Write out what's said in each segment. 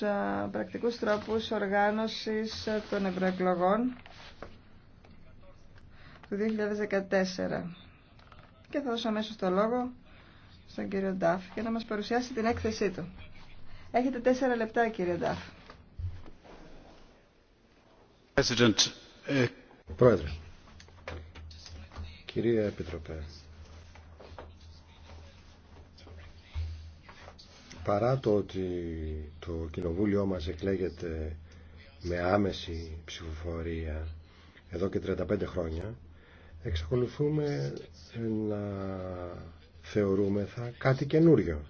Ε, πρακτικούς τρόπους οργάνωσης ε, των ευρωεκλογών του 2014. Και θα δώσω αμέσως το λόγο στον κύριο Νταφ για να μας παρουσιάσει την έκθεσή του. Έχετε τέσσερα λεπτά κύριε Νταφ. Ε, Πρόεδρε, κυρία Επιτροπέ, παρά το ότι το κοινοβούλιο μας εκλέγεται με άμεση ψηφοφορία εδώ και 35 χρόνια, εξακολουθούμε να θεωρούμε θα κάτι καινούριο.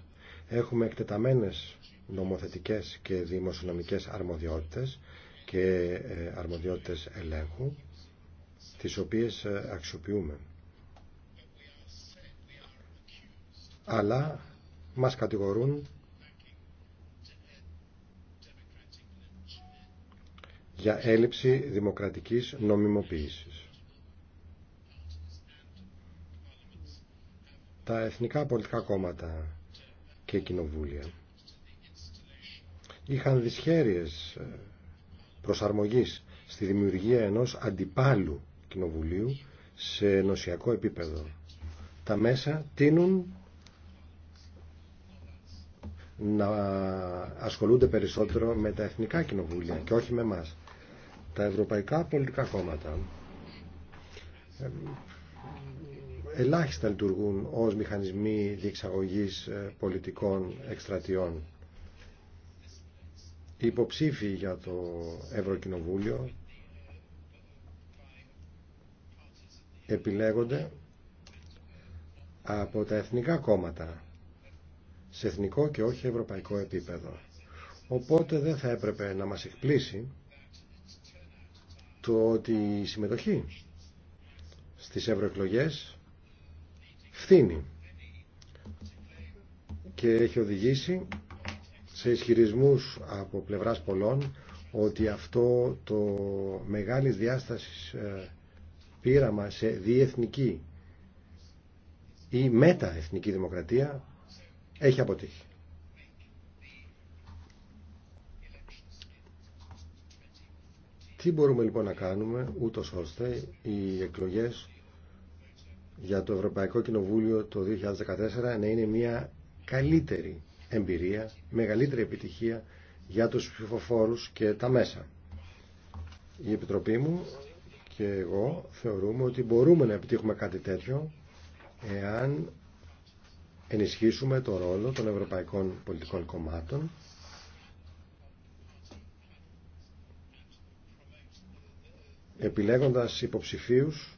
Έχουμε εκτεταμένες νομοθετικές και δημοσιονομικές αρμοδιότητες και ε, αρμοδιότητες ελέγχου, τις οποίες ε, αξιοποιούμε. Αλλά μας κατηγορούν για έλλειψη δημοκρατικής νομιμοποίησης. Τα εθνικά πολιτικά κόμματα και κοινοβούλια είχαν δυσχέρειες ε, προσαρμογής στη δημιουργία ενός αντιπάλου κοινοβουλίου σε ενωσιακό επίπεδο. Τα μέσα τίνουν να ασχολούνται περισσότερο με τα εθνικά κοινοβούλια και όχι με μας τα ευρωπαϊκά πολιτικά κόμματα ελάχιστα λειτουργούν ως μηχανισμοί διεξαγωγής ε, πολιτικών εκστρατιών. Οι υποψήφοι για το Ευρωκοινοβούλιο επιλέγονται από τα εθνικά κόμματα σε εθνικό και όχι ευρωπαϊκό επίπεδο. Οπότε δεν θα έπρεπε να μας εκπλήσει το ότι η συμμετοχή στις ευρωεκλογέ φθήνει και έχει οδηγήσει σε ισχυρισμούς από πλευράς πολλών ότι αυτό το μεγάλης διάστασης ε, πείραμα σε διεθνική ή μεταεθνική δημοκρατία έχει αποτύχει. Τι μπορούμε λοιπόν να κάνουμε ούτω ώστε οι εκλογές για το Ευρωπαϊκό Κοινοβούλιο το 2014 να είναι μια καλύτερη εμπειρία, μεγαλύτερη επιτυχία για τους ψηφοφόρους και τα μέσα. Η Επιτροπή μου και εγώ θεωρούμε ότι μπορούμε να επιτύχουμε κάτι τέτοιο εάν ενισχύσουμε το ρόλο των ευρωπαϊκών πολιτικών κομμάτων επιλέγοντας υποψηφίους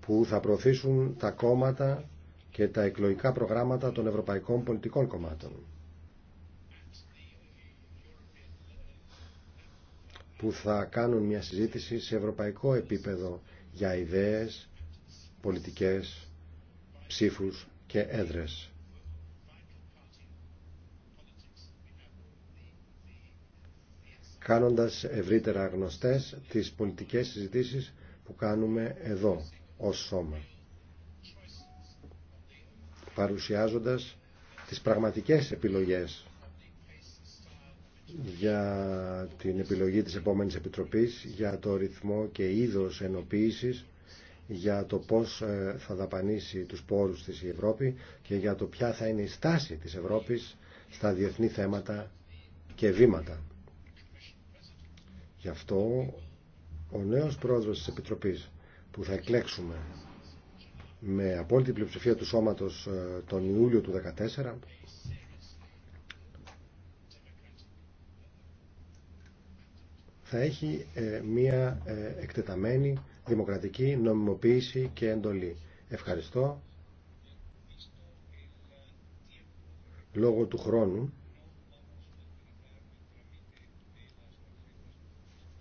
που θα προωθήσουν τα κόμματα και τα εκλογικά προγράμματα των ευρωπαϊκών πολιτικών κομμάτων. που θα κάνουν μια συζήτηση σε ευρωπαϊκό επίπεδο για ιδέες, πολιτικές, ψήφους και έδρες. κάνοντας ευρύτερα γνωστές τις πολιτικές συζητήσεις που κάνουμε εδώ ως σώμα. Παρουσιάζοντας τις πραγματικές επιλογές για την επιλογή της επόμενης Επιτροπής, για το ρυθμό και είδος ενοποίησης, για το πώς ε, θα δαπανίσει τους πόρους της η Ευρώπη και για το ποια θα είναι η στάση της Ευρώπης στα διεθνή θέματα και βήματα. Γι' αυτό ο νέος πρόεδρος της Επιτροπής που θα εκλέξουμε με απόλυτη πλειοψηφία του σώματος ε, τον Ιούλιο του 2014 θα έχει ε, μία ε, εκτεταμένη δημοκρατική νομιμοποίηση και εντολή. Ευχαριστώ. Λόγω του χρόνου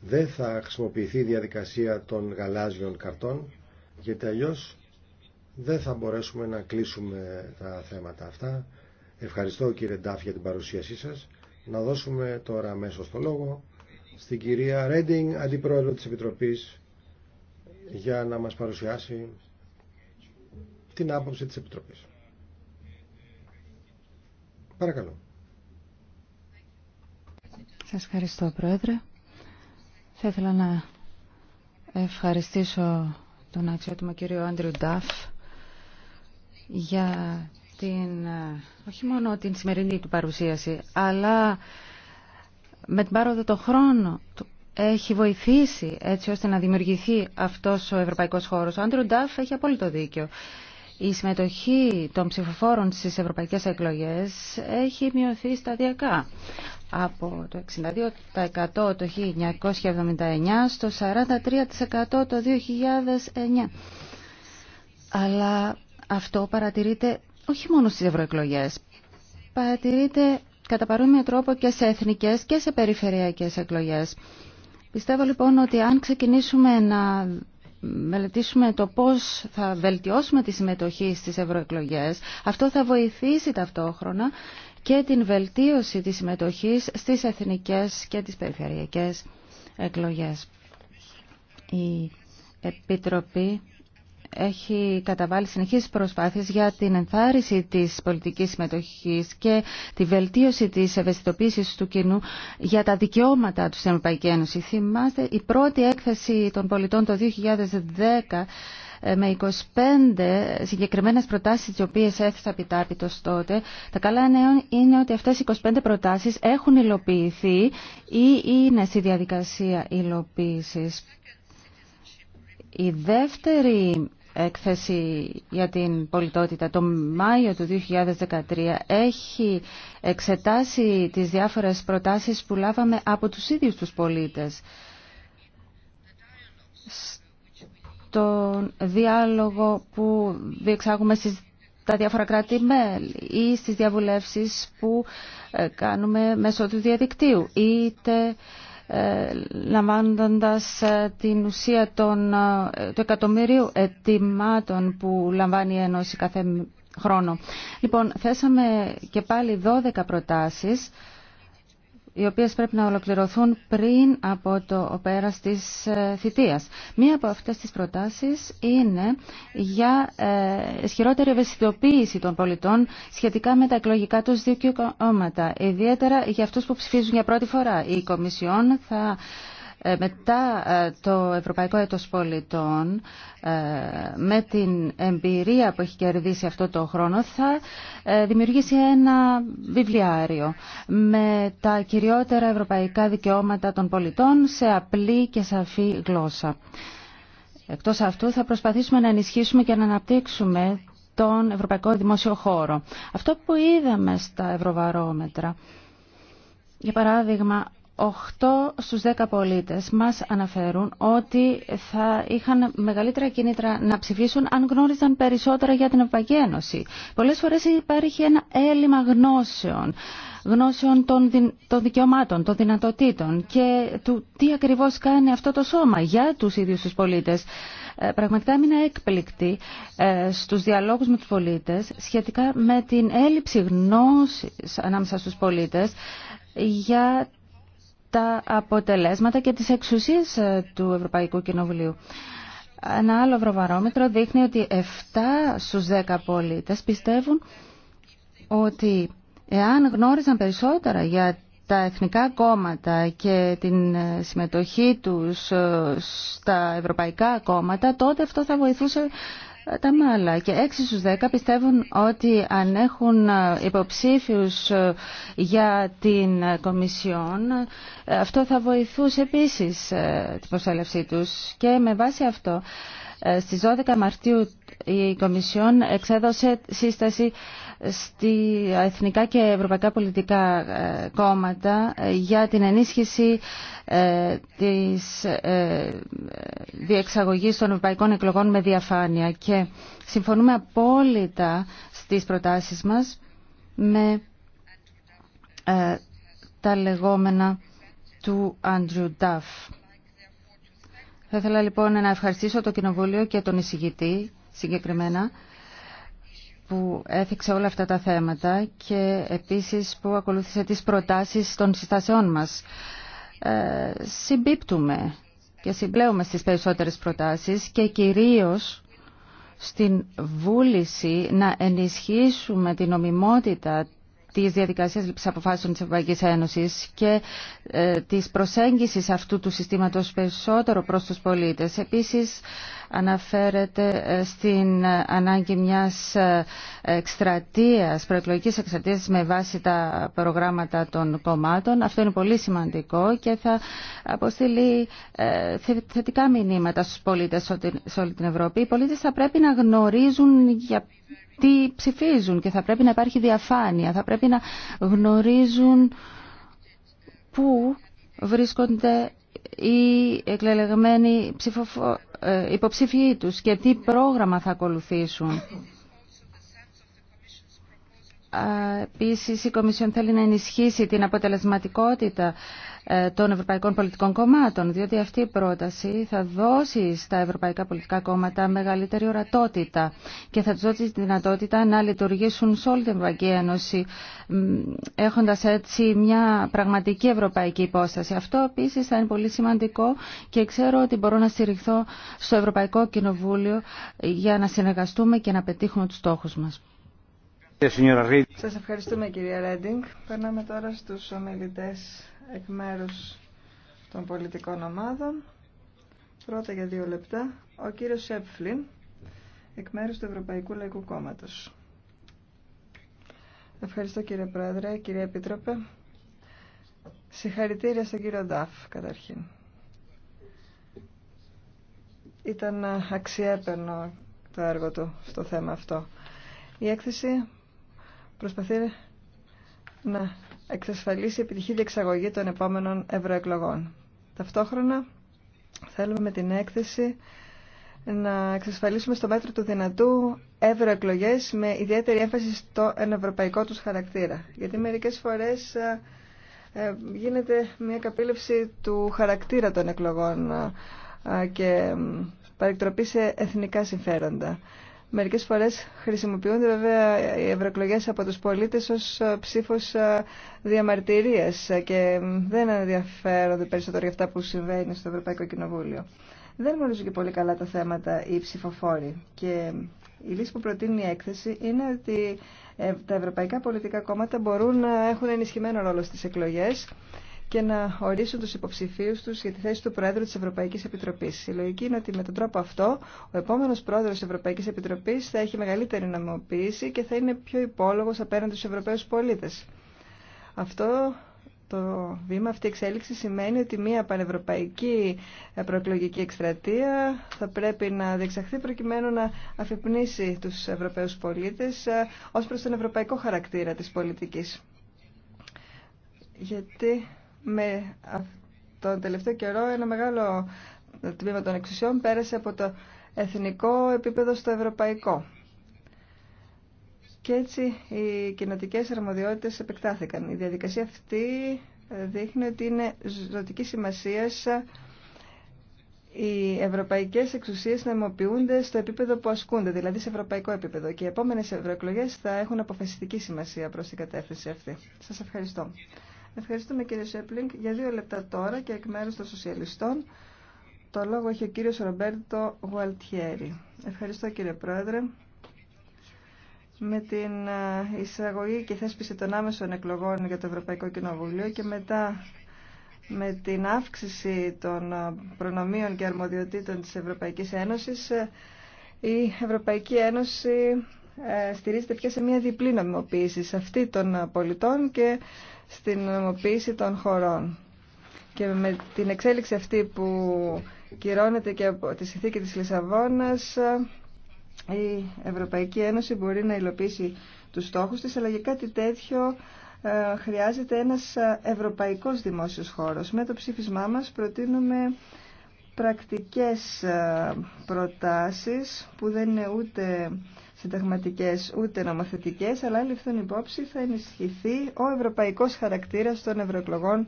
δεν θα χρησιμοποιηθεί η διαδικασία των γαλάζιων καρτών γιατί αλλιώ δεν θα μπορέσουμε να κλείσουμε τα θέματα αυτά. Ευχαριστώ κύριε Ντάφ για την παρουσίασή σας. Να δώσουμε τώρα μέσω το λόγο στην κυρία Ρέντινγκ, Αντιπρόεδρο της Επιτροπής, για να μας παρουσιάσει την άποψη της Επιτροπής. Παρακαλώ. Σας ευχαριστώ, Πρόεδρε. Θα ήθελα να ευχαριστήσω τον αξιότιμο κύριο Άντριου Νταφ για την, όχι μόνο την σημερινή του παρουσίαση, αλλά με την πάροδο το χρόνο του έχει βοηθήσει έτσι ώστε να δημιουργηθεί αυτός ο ευρωπαϊκός χώρος. Ο Άντριου Νταφ έχει απόλυτο δίκιο. Η συμμετοχή των ψηφοφόρων στις ευρωπαϊκές εκλογές έχει μειωθεί σταδιακά από το 62% το 1979 στο 43% το 2009. Αλλά αυτό παρατηρείται όχι μόνο στις ευρωεκλογές, παρατηρείται κατά παρόμοιο τρόπο και σε εθνικές και σε περιφερειακές εκλογές. Πιστεύω λοιπόν ότι αν ξεκινήσουμε να μελετήσουμε το πώς θα βελτιώσουμε τη συμμετοχή στις ευρωεκλογές, αυτό θα βοηθήσει ταυτόχρονα και την βελτίωση της συμμετοχής στις εθνικές και τις περιφερειακές εκλογές. Η Επιτροπή έχει καταβάλει συνεχείς προσπάθειες για την ενθάρρυνση της πολιτικής συμμετοχής και τη βελτίωση της ευαισθητοποίησης του κοινού για τα δικαιώματα του στην Ευρωπαϊκή Ένωση. Θυμάστε, η πρώτη έκθεση των πολιτών το 2010 ε, με 25 συγκεκριμένες προτάσεις τις οποίες έθεσα επιτάπητος τότε. Τα καλά νέα είναι ότι αυτές οι 25 προτάσεις έχουν υλοποιηθεί ή είναι στη διαδικασία υλοποίησης. Η δεύτερη έκθεση για την πολιτότητα το Μάιο του 2013 έχει εξετάσει τις διάφορες προτάσεις που λάβαμε από τους ίδιους τους πολίτες τον διάλογο που διεξάγουμε στις τα διάφορα κράτη-μέλη ή στις διαβουλεύσεις που ε, κάνουμε μέσω του διαδικτύου είτε ε, λαμβάνοντας ε, την ουσία των, του εκατομμυρίου ετοιμάτων που λαμβάνει η Ένωση κάθε χρόνο. Λοιπόν, θέσαμε και πάλι 12 προτάσεις οι οποίες πρέπει να ολοκληρωθούν πριν από το πέρας της ε, θητείας. Μία από αυτές τις προτάσεις είναι για ε, ισχυρότερη ευαισθητοποίηση των πολιτών σχετικά με τα εκλογικά τους δικαιώματα, ιδιαίτερα για αυτούς που ψηφίζουν για πρώτη φορά. Η Κομισιόν θα ε, μετά ε, το Ευρωπαϊκό Έτος Πολιτών ε, με την εμπειρία που έχει κερδίσει αυτό το χρόνο θα δημιουργήσει ένα βιβλιάριο με τα κυριότερα ευρωπαϊκά δικαιώματα των πολιτών σε απλή και σαφή γλώσσα. Εκτός αυτού θα προσπαθήσουμε να ενισχύσουμε και να αναπτύξουμε τον ευρωπαϊκό δημόσιο χώρο. Αυτό που είδαμε στα ευρωβαρόμετρα, για παράδειγμα, 8 στους 10 πολίτες μας αναφέρουν ότι θα είχαν μεγαλύτερα κίνητρα να ψηφίσουν αν γνώριζαν περισσότερα για την Ευρωπαϊκή Ένωση. Πολλές φορές υπάρχει ένα έλλειμμα γνώσεων γνώσεων των, δικαιωμάτων, των δυνατοτήτων και του τι ακριβώς κάνει αυτό το σώμα για τους ίδιους τους πολίτες. Ε, πραγματικά έμεινα έκπληκτη ε, στους διαλόγους με τους πολίτες σχετικά με την έλλειψη γνώσης ανάμεσα στους πολίτες για τα αποτελέσματα και τις εξουσίες ε, του Ευρωπαϊκού Κοινοβουλίου. Ένα άλλο ευρωβαρόμετρο δείχνει ότι 7 στους 10 πολίτες πιστεύουν ότι εάν γνώριζαν περισσότερα για τα εθνικά κόμματα και την ε, συμμετοχή τους ε, στα ευρωπαϊκά κόμματα, τότε αυτό θα βοηθούσε τα μάλα και 6 στους 10 πιστεύουν ότι αν έχουν ε, υποψήφιους ε, για την ε, Κομισιόν αυτό θα βοηθούσε επίσης την προσέλευσή τους και με βάση αυτό στις 12 Μαρτίου η Κομισιόν εξέδωσε σύσταση στη εθνικά και ευρωπαϊκά πολιτικά ε, κόμματα ε, για την ενίσχυση ε, της διεξαγωγής των ευρωπαϊκών εκλογών με διαφάνεια και συμφωνούμε απόλυτα στις προτάσεις μας με τα λεγόμενα του Άντριου Νταφ. Θα ήθελα λοιπόν να ευχαριστήσω το Κοινοβούλιο και τον εισηγητή συγκεκριμένα που έθιξε όλα αυτά τα θέματα και επίσης που ακολούθησε τις προτάσεις των συστάσεών μας. Ε, συμπίπτουμε και συμπλέουμε στις περισσότερες προτάσεις και κυρίως στην βούληση να ενισχύσουμε την νομιμότητα τη διαδικασία λήψη αποφάσεων τη Ευρωπαϊκή Ένωση και ε, τη προσέγγιση αυτού του συστήματο περισσότερο προ του πολίτε. Επίση, αναφέρεται ε, στην ε, ανάγκη μιας ε, εκστρατείας, προεκλογικής εκστρατείας με βάση τα προγράμματα των κομμάτων. Αυτό είναι πολύ σημαντικό και θα αποστείλει θετικά μηνύματα στους πολίτες σε όλη την Ευρώπη. Οι πολίτες θα πρέπει να γνωρίζουν για τι ψηφίζουν και θα πρέπει να υπάρχει διαφάνεια, θα πρέπει να γνωρίζουν πού βρίσκονται οι εκλεγμένοι ψηφοφο... Ε, υποψηφοί τους και τι πρόγραμμα θα ακολουθήσουν. Επίση, η Κομισιόν θέλει να ενισχύσει την αποτελεσματικότητα ε, των Ευρωπαϊκών Πολιτικών Κομμάτων, διότι αυτή η πρόταση θα δώσει στα Ευρωπαϊκά Πολιτικά Κόμματα μεγαλύτερη ορατότητα και θα του δώσει τη δυνατότητα να λειτουργήσουν σε όλη την Ευρωπαϊκή Ένωση, έχοντα έτσι μια πραγματική ευρωπαϊκή υπόσταση. Αυτό επίση θα είναι πολύ σημαντικό και ξέρω ότι μπορώ να στηριχθώ στο Ευρωπαϊκό Κοινοβούλιο για να συνεργαστούμε και να πετύχουμε του στόχου μα. Σας ευχαριστούμε κυρία Ρέντινγκ. Περνάμε τώρα στους ομιλητές εκ μέρους των πολιτικών ομάδων. Πρώτα για δύο λεπτά, ο κύριος Σέπφλιν, εκ μέρους του Ευρωπαϊκού Λαϊκού Κόμματος. Ευχαριστώ κύριε Πρόεδρε, κύριε Επίτροπε. Συγχαρητήρια στον κύριο Νταφ, καταρχήν. Ήταν αξιέπαινο το έργο του στο θέμα αυτό. Η έκθεση προσπαθεί να εξασφαλίσει επιτυχή διεξαγωγή των επόμενων ευρωεκλογών. Ταυτόχρονα θέλουμε με την έκθεση να εξασφαλίσουμε στο μέτρο του δυνατού ευρωεκλογέ με ιδιαίτερη έμφαση στο ευρωπαϊκό τους χαρακτήρα. Γιατί μερικές φορές ε, ε, γίνεται μια καπήλευση του χαρακτήρα των εκλογών ε, και παρεκτροπή σε εθνικά συμφέροντα. Μερικές φορές χρησιμοποιούνται βέβαια οι ευρωεκλογέ από τους πολίτες ως ε, ψήφος ε, διαμαρτυρίας και δεν ενδιαφέρονται περισσότερο για αυτά που συμβαίνουν στο Ευρωπαϊκό Κοινοβούλιο. Δεν γνωρίζουν και πολύ καλά τα θέματα οι ψηφοφόροι και η λύση που προτείνει η έκθεση είναι ότι ε, τα ευρωπαϊκά πολιτικά κόμματα μπορούν να έχουν ενισχυμένο ρόλο στις εκλογές και να ορίσουν τους υποψηφίους τους για τη θέση του Πρόεδρου της Ευρωπαϊκής Επιτροπής. Η λογική είναι ότι με τον τρόπο αυτό ο επόμενος Πρόεδρος της Ευρωπαϊκής Επιτροπής θα έχει μεγαλύτερη νομιμοποίηση και θα είναι πιο υπόλογος απέναντι στους Ευρωπαίους πολίτες. Αυτό το βήμα, αυτή η εξέλιξη σημαίνει ότι μια πανευρωπαϊκή προεκλογική εκστρατεία θα πρέπει να διεξαχθεί προκειμένου να αφυπνίσει τους Ευρωπαίους πολίτες ε, ως προς τον ευρωπαϊκό χαρακτήρα της πολιτικής. Γιατί με τον τελευταίο καιρό ένα μεγάλο τμήμα των εξουσιών πέρασε από το εθνικό επίπεδο στο ευρωπαϊκό. Και έτσι οι κοινοτικές αρμοδιότητες επεκτάθηκαν. Η διαδικασία αυτή δείχνει ότι είναι ζωτική σημασία οι ευρωπαϊκές εξουσίες να αιμοποιούνται στο επίπεδο που ασκούνται, δηλαδή σε ευρωπαϊκό επίπεδο. Και οι επόμενες ευρωεκλογέ θα έχουν αποφασιστική σημασία προς την κατεύθυνση αυτή. Σας ευχαριστώ. Ευχαριστούμε κύριε Σέπλινγκ. Για δύο λεπτά τώρα και εκ μέρους των σοσιαλιστών το λόγο έχει ο κύριος Ρομπέρτο Γουαλτιέρη. Ευχαριστώ κύριε Πρόεδρε. Με την ε, εισαγωγή και θέσπιση των άμεσων εκλογών για το Ευρωπαϊκό Κοινοβουλίο και μετά με την αύξηση των ε, προνομίων και αρμοδιοτήτων της Ευρωπαϊκής Ένωσης ε, η Ευρωπαϊκή Ένωση ε, στηρίζεται πια σε μια διπλή νομιμοποίηση, σε αυτή των πολιτών και στην νομιμοποίηση των χωρών. Και με την εξέλιξη αυτή που κυρώνεται και από τη συνθήκη της Λισαβόνας, ε, η Ευρωπαϊκή Ένωση μπορεί να υλοποιήσει τους στόχους της, αλλά για κάτι τέτοιο ε, χρειάζεται ένας ευρωπαϊκός δημόσιος χώρος. Με το ψήφισμά μας προτείνουμε πρακτικές προτάσεις που δεν είναι ούτε συνταγματικές ούτε νομοθετικές, αλλά ληφθούν υπόψη θα ενισχυθεί ο ευρωπαϊκός χαρακτήρας των ευρωεκλογών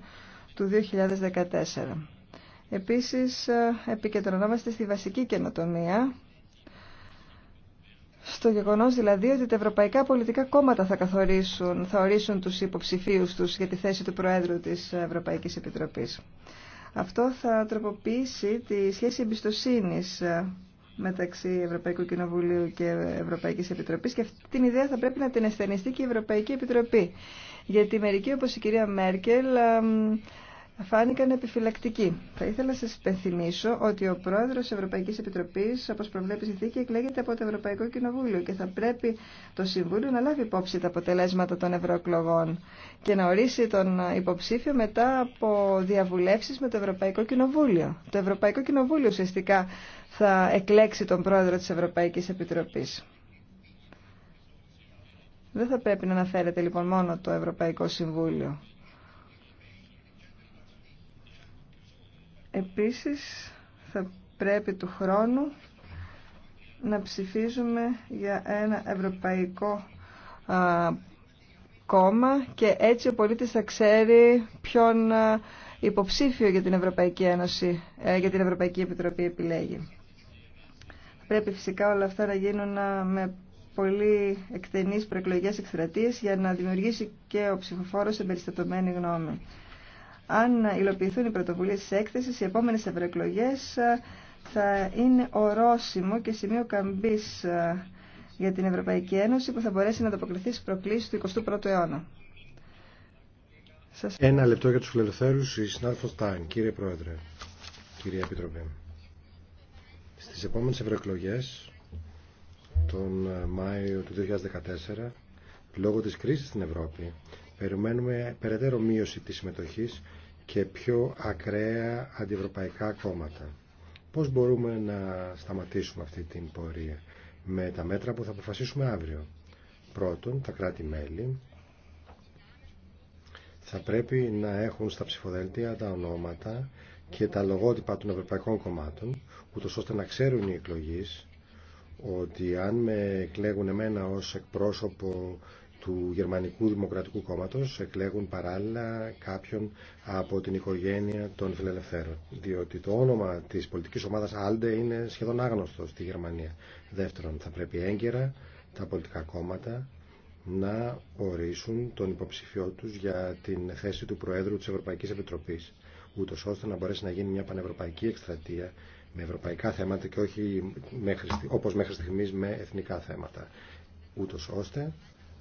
του 2014. Επίσης, ε, επικεντρωνόμαστε στη βασική καινοτομία, στο γεγονός δηλαδή ότι τα ευρωπαϊκά πολιτικά κόμματα θα καθορίσουν, θα ορίσουν τους υποψηφίους τους για τη θέση του Προέδρου της Ευρωπαϊκής Επιτροπής. Αυτό θα τροποποιήσει τη σχέση εμπιστοσύνης ε, μεταξύ Ευρωπαϊκού Κοινοβουλίου και Ευρωπαϊκής Επιτροπής και αυτή την ιδέα θα πρέπει να την αισθενιστεί και η Ευρωπαϊκή Επιτροπή. Γιατί μερικοί όπως η κυρία Μέρκελ φάνηκαν επιφυλακτικοί. Θα ήθελα να σα υπενθυμίσω ότι ο πρόεδρο τη Ευρωπαϊκής Επιτροπής, όπως προβλέπει η συνθήκη, εκλέγεται από το Ευρωπαϊκό Κοινοβούλιο και θα πρέπει το Συμβούλιο να λάβει υπόψη τα αποτελέσματα των ευρωεκλογών και να ορίσει τον υποψήφιο μετά από διαβουλεύσει με το Ευρωπαϊκό Κοινοβούλιο. Το Ευρωπαϊκό Κοινοβούλιο ουσιαστικά θα εκλέξει τον πρόεδρο τη Ευρωπαϊκή Επιτροπή. Δεν θα πρέπει να αναφέρεται λοιπόν μόνο το Ευρωπαϊκό Συμβούλιο. Επίσης θα πρέπει του χρόνου να ψηφίζουμε για ένα ευρωπαϊκό κόμμα και έτσι ο πολίτης θα ξέρει ποιον υποψήφιο για την Ευρωπαϊκή Ένωση, ε, για την Ευρωπαϊκή Επιτροπή επιλέγει. Πρέπει φυσικά όλα αυτά να γίνουν με πολύ εκτενείς προεκλογικές εκστρατείες για να δημιουργήσει και ο ψηφοφόρος εμπεριστατωμένη γνώμη αν υλοποιηθούν οι πρωτοβουλίες της έκθεσης, οι επόμενες ευρωεκλογέ ε, θα είναι ορόσημο και σημείο καμπής ε, για την Ευρωπαϊκή Ένωση που θα μπορέσει να ανταποκριθεί στις προκλήσεις του 21ου αιώνα. Σας... Ένα λεπτό για τους φιλελευθέρους, η συνάδελφος Τάιν. Κύριε Πρόεδρε, κύριε Επιτροπή, στις επόμενες ευρωεκλογέ τον Μάιο του 2014, λόγω της κρίσης στην Ευρώπη, Περιμένουμε περαιτέρω μείωση της συμμετοχής και πιο ακραία αντιευρωπαϊκά κόμματα. Πώς μπορούμε να σταματήσουμε αυτή την πορεία με τα μέτρα που θα αποφασίσουμε αύριο. Πρώτον, τα κράτη-μέλη θα πρέπει να έχουν στα ψηφοδέλτια τα ονόματα και τα λογότυπα των ευρωπαϊκών κομμάτων, ούτω ώστε να ξέρουν οι εκλογείς ότι αν με εκλέγουν εμένα ως εκπρόσωπο του Γερμανικού Δημοκρατικού Κόμματος εκλέγουν παράλληλα κάποιον από την οικογένεια των φιλελευθέρων. Διότι το όνομα της πολιτικής ομάδας Άλντε είναι σχεδόν άγνωστο στη Γερμανία. Δεύτερον, θα πρέπει έγκαιρα τα πολιτικά κόμματα να ορίσουν τον υποψηφιό τους για την θέση του Προέδρου της Ευρωπαϊκής Επιτροπής, ούτως ώστε να μπορέσει να γίνει μια πανευρωπαϊκή εκστρατεία με ευρωπαϊκά θέματα και όχι μέχρι, όπως μέχρι στιγμής με εθνικά θέματα ούτως ώστε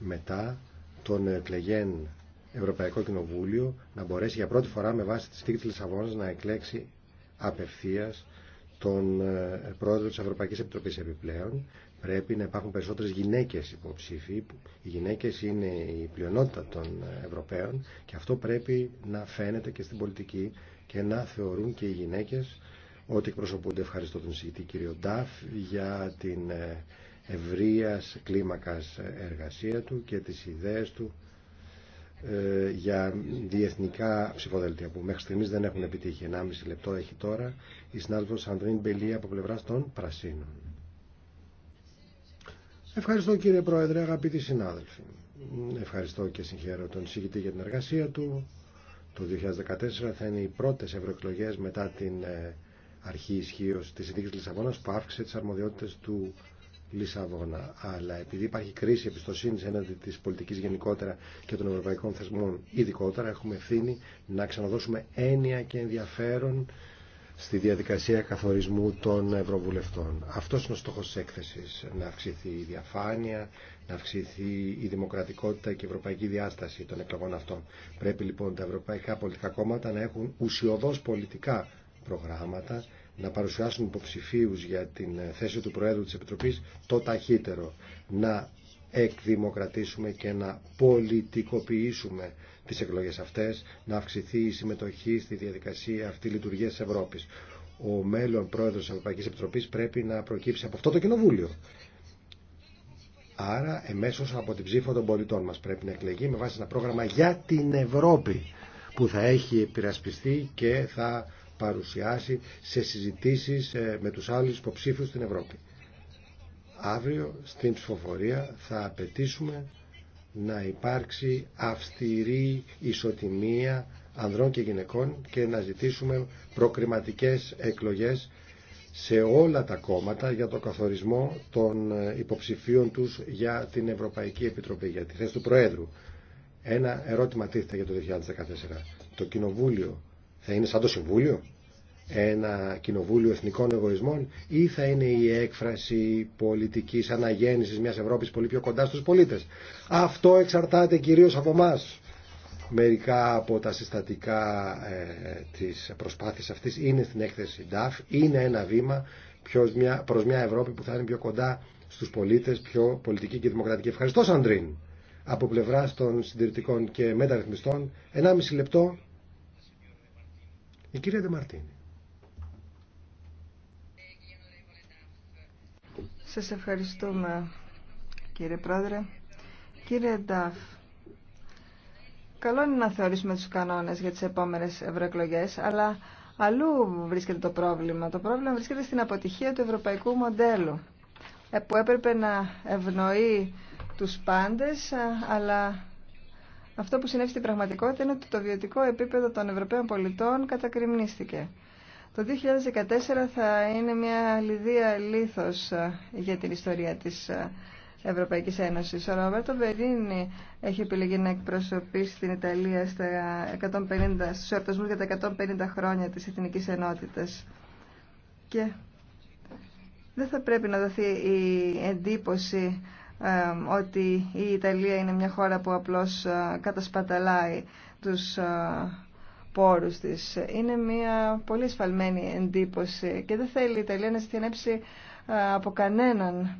μετά τον ε, εκλεγέν Ευρωπαϊκό Κοινοβούλιο να μπορέσει για πρώτη φορά με βάση τη στήκη της Λισαβόνας να εκλέξει απευθείας τον ε, πρόεδρο της Ευρωπαϊκής Επιτροπής επιπλέον. Πρέπει να υπάρχουν περισσότερες γυναίκες υποψήφοι. Οι γυναίκες είναι η πλειονότητα των Ευρωπαίων και αυτό πρέπει να φαίνεται και στην πολιτική και να θεωρούν και οι γυναίκες ότι εκπροσωπούνται. Ευχαριστώ τον συγητή κύριο Ντάφ για την ε, ευρείας κλίμακας εργασία του και τις ιδέες του ε, για διεθνικά ψηφοδέλτια που μέχρι στιγμής δεν έχουν επιτύχει. 1,5 λεπτό έχει τώρα η συνάδελφος Αντρίν Μπελή από πλευρά των Πρασίνων. Ευχαριστώ κύριε Πρόεδρε, αγαπητοί συνάδελφοι. Ευχαριστώ και συγχαίρω τον συγκητή για την εργασία του. Το 2014 θα είναι οι πρώτες ευρωεκλογές μετά την ε, αρχή ισχύω της Συνθήκης Λισαβόνας που αύξησε τις αρμοδιότητες του Λισαβόνα. Αλλά επειδή υπάρχει κρίση εμπιστοσύνη έναντι τη πολιτική γενικότερα και των ευρωπαϊκών θεσμών ειδικότερα, έχουμε ευθύνη να ξαναδώσουμε έννοια και ενδιαφέρον στη διαδικασία καθορισμού των Ευρωβουλευτών. Αυτό είναι ο στόχο τη έκθεση. Να αυξηθεί η διαφάνεια, να αυξηθεί η δημοκρατικότητα και η ευρωπαϊκή διάσταση των εκλογών αυτών. Πρέπει λοιπόν τα ευρωπαϊκά πολιτικά κόμματα να έχουν ουσιοδό πολιτικά προγράμματα να παρουσιάσουν υποψηφίου για την ε, θέση του Προέδρου της Επιτροπής το ταχύτερο. Να εκδημοκρατήσουμε και να πολιτικοποιήσουμε τις εκλογές αυτές, να αυξηθεί η συμμετοχή στη διαδικασία αυτή λειτουργία της Ευρώπης. Ο μέλλον πρόεδρος της Ευρωπαϊκής Επιτροπής πρέπει να προκύψει από αυτό το κοινοβούλιο. Άρα εμέσως από την ψήφο των πολιτών μας πρέπει να εκλεγεί με βάση ένα πρόγραμμα για την Ευρώπη που θα έχει επειρασπιστεί και θα παρουσιάσει σε συζητήσεις ε, με τους άλλους υποψήφου στην Ευρώπη. Αύριο στην ψηφοφορία θα απαιτήσουμε να υπάρξει αυστηρή ισοτιμία ανδρών και γυναικών και να ζητήσουμε προκριματικές εκλογές σε όλα τα κόμματα για το καθορισμό των ε, υποψηφίων τους για την Ευρωπαϊκή Επιτροπή, για τη θέση του Προέδρου. Ένα ερώτημα τίθεται για το 2014. Το Κοινοβούλιο θα είναι σαν το Συμβούλιο, ένα κοινοβούλιο εθνικών εγωισμών ή θα είναι η έκφραση πολιτικής αναγέννησης μιας Ευρώπης πολύ πιο κοντά στους πολίτες. Αυτό εξαρτάται κυρίως από εμά. Μερικά από τα συστατικά ε, της προσπάθειας αυτής είναι στην έκθεση DAF, είναι ένα βήμα προ μια, προς μια Ευρώπη που θα είναι πιο κοντά στους πολίτες, πιο πολιτική και δημοκρατική. Ευχαριστώ Σαντρίν. Από πλευρά των συντηρητικών και μεταρρυθμιστών, 1,5 λεπτό η κυρία Δεμαρτίνη. Σας ευχαριστούμε κύριε Πρόεδρε. Κύριε Νταφ, καλό είναι να θεωρήσουμε τους κανόνες για τις επόμενες ευρωεκλογέ, αλλά αλλού βρίσκεται το πρόβλημα. Το πρόβλημα βρίσκεται στην αποτυχία του ευρωπαϊκού μοντέλου, ε, που έπρεπε να ευνοεί τους πάντες, ε, αλλά αυτό που συνέβη στην πραγματικότητα είναι ότι το βιωτικό επίπεδο των Ευρωπαίων πολιτών κατακριμνίστηκε. Το 2014 θα είναι μια λιδία λίθος ε, για την ιστορία της ε, Ευρωπαϊκής Ένωσης. Ο Ρομπέρτο Μπερίνη έχει επιλεγεί να εκπροσωπεί στην Ιταλία στα 150, στους για τα 150 χρόνια της Εθνικής Ενότητας. Και δεν θα πρέπει να δοθεί η εντύπωση ότι η Ιταλία είναι μια χώρα που απλώς ε, κατασπαταλάει τους ε, πόρους της. Είναι μια πολύ σφαλμένη εντύπωση και δεν θέλει η Ιταλία να στενέψει ε, από κανέναν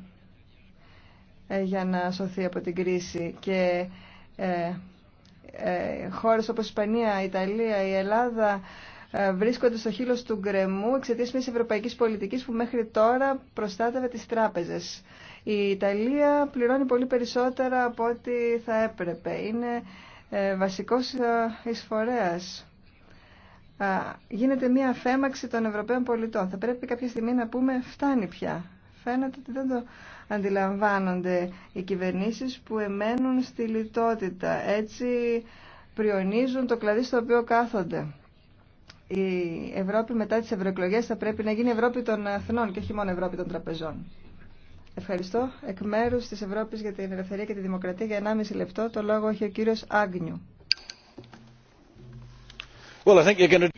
για να σωθεί από την κρίση και χώρες όπως η Ισπανία, η Ιταλία, η Ελλάδα ε, βρίσκονται στο χείλος του γκρεμού εξαιτίας μιας ευρωπαϊκής πολιτικής που μέχρι τώρα προστάτευε τις τράπεζες. Η Ιταλία πληρώνει πολύ περισσότερα από ό,τι θα έπρεπε. Είναι ε, βασικός ε, εισφορέας. Γίνεται μια αφέμαξη των Ευρωπαίων πολιτών. Θα πρέπει κάποια στιγμή να πούμε φτάνει πια. Φαίνεται ότι δεν το αντιλαμβάνονται οι κυβερνήσεις που εμένουν στη λιτότητα. Έτσι πριονίζουν το κλαδί στο οποίο κάθονται η Ευρώπη μετά τις ευρωεκλογέ θα πρέπει να γίνει Ευρώπη των Αθηνών και όχι μόνο Ευρώπη των Τραπεζών. Ευχαριστώ. Εκ μέρου τη Ευρώπη για την Ελευθερία και τη Δημοκρατία για 1,5 λεπτό το λόγο έχει ο κύριο Άγνιου. Well,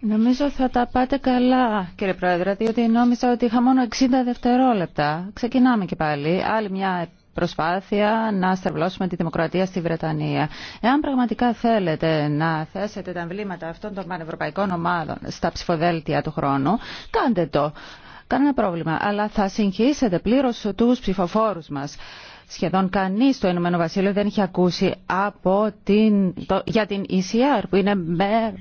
Νομίζω θα τα πάτε καλά, κύριε Πρόεδρε, διότι νόμιζα ότι είχα μόνο 60 δευτερόλεπτα. Ξεκινάμε και πάλι. Άλλη μια προσπάθεια να στρεβλώσουμε τη δημοκρατία στη Βρετανία. Εάν πραγματικά θέλετε να θέσετε τα εμβλήματα αυτών των πανευρωπαϊκών ομάδων στα ψηφοδέλτια του χρόνου, κάντε το. Κανένα πρόβλημα. Αλλά θα συγχύσετε πλήρω του ψηφοφόρου μα. Σχεδόν κανεί στο Ηνωμένο Βασίλειο δεν έχει ακούσει από την, για την ECR που είναι μέρο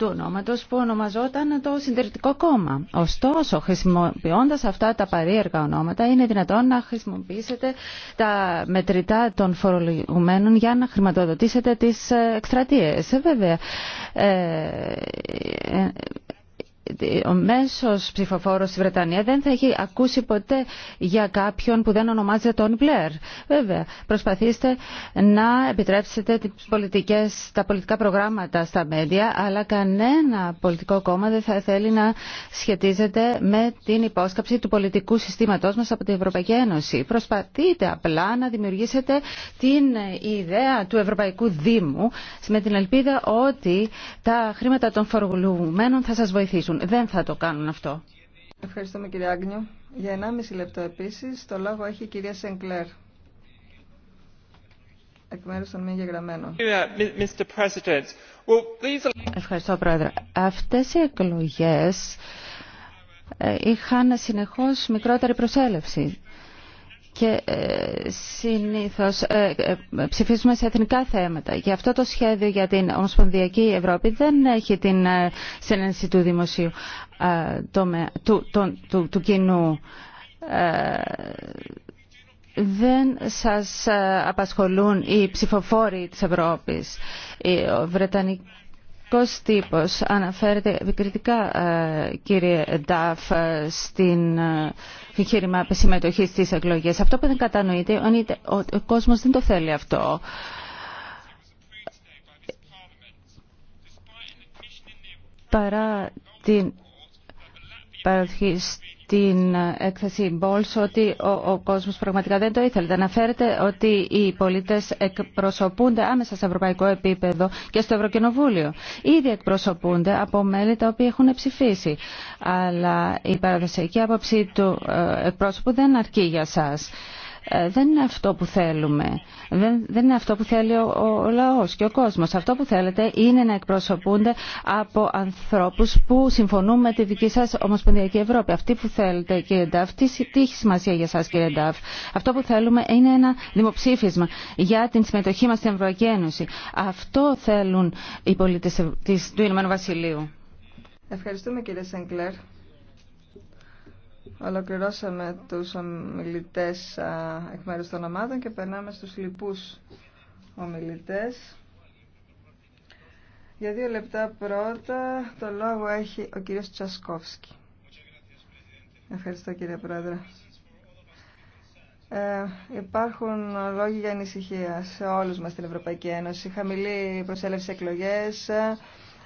του ονόματο που ονομαζόταν το Συντηρητικό Κόμμα. Ωστόσο, χρησιμοποιώντα αυτά τα παρήεργα ονόματα, είναι δυνατόν να χρησιμοποιήσετε τα μετρητά των φορολογουμένων για να χρηματοδοτήσετε τις Ε, ε Βέβαια, ε, ο μέσος ψηφοφόρος στη Βρετανία δεν θα έχει ακούσει ποτέ για κάποιον που δεν ονομάζεται τον Μπλερ. Βέβαια, προσπαθήστε να επιτρέψετε τις πολιτικές, τα πολιτικά προγράμματα στα μέντια, αλλά κανένα πολιτικό κόμμα δεν θα θέλει να σχετίζεται με την υπόσκαψη του πολιτικού συστήματός μας από την Ευρωπαϊκή Ένωση. Προσπαθείτε απλά να δημιουργήσετε την ιδέα του Ευρωπαϊκού Δήμου με την ελπίδα ότι τα χρήματα των φορολογουμένων θα σας βοηθήσουν δεν θα το κάνουν αυτό. Ευχαριστούμε κύριε Άγνιο. Για 1,5 λεπτό επίσης το λόγο έχει η κυρία Σενκλέρ. Εκ μέρους των μη γεγραμμένων. Ευχαριστώ πρόεδρε. Αυτές οι εκλογές ε, είχαν συνεχώς μικρότερη προσέλευση και ε, συνήθως ε, ε, ψηφίζουμε σε εθνικά θέματα. Γι' αυτό το σχέδιο για την Ομοσπονδιακή Ευρώπη δεν έχει την συνένεση του δημοσίου του, κοινού. Δεν σας απασχολούν οι ψηφοφόροι της Ευρώπης. Ο Βρετανικός Πολιτικός τύπο, αναφέρεται επικριτικά, ε, κύριε Νταφ, ε, στην ε, εγχείρημα συμμετοχή στι εκλογέ. Αυτό που δεν κατανοείται είναι ότι ο κόσμος δεν το θέλει αυτό. Παρά την παροχή την έκθεση Μπόλς ότι ο, ο κόσμος πραγματικά δεν το ήθελε. Αναφέρεται ότι οι πολίτες εκπροσωπούνται άμεσα σε ευρωπαϊκό επίπεδο και στο Ευρωκοινοβούλιο. Ήδη εκπροσωπούνται από μέλη τα οποία έχουν ψηφίσει. Αλλά η παραδοσιακή άποψη του ε, εκπρόσωπου δεν αρκεί για σας. Ε, δεν είναι αυτό που θέλουμε. Δεν, δεν είναι αυτό που θέλει ο, ο λαός και ο κόσμος. Αυτό που θέλετε είναι να εκπροσωπούνται από ανθρώπους που συμφωνούν με τη δική σας Ομοσπονδιακή Ευρώπη. Αυτή που θέλετε κύριε Νταφ, τι, τι έχει σημασία για σας κύριε Νταφ. Αυτό που θέλουμε είναι ένα δημοψήφισμα για την συμμετοχή μας στην Ευρωπαϊκή Ένωση. Αυτό θέλουν οι πολίτες του Ηνωμένου Βασιλείου. Ευχαριστούμε κύριε Σενκλέρ. Ολοκληρώσαμε τους ομιλητές εκ μέρους των ομάδων και περνάμε στους λοιπούς ομιλητές. Για δύο λεπτά πρώτα το λόγο έχει ο κύριος Τσασκόφσκι. Ευχαριστώ κύριε Πρόεδρε. Ε, υπάρχουν λόγοι για ανησυχία σε όλους μας στην Ευρωπαϊκή Ένωση. Χαμηλή προσέλευση εκλογές,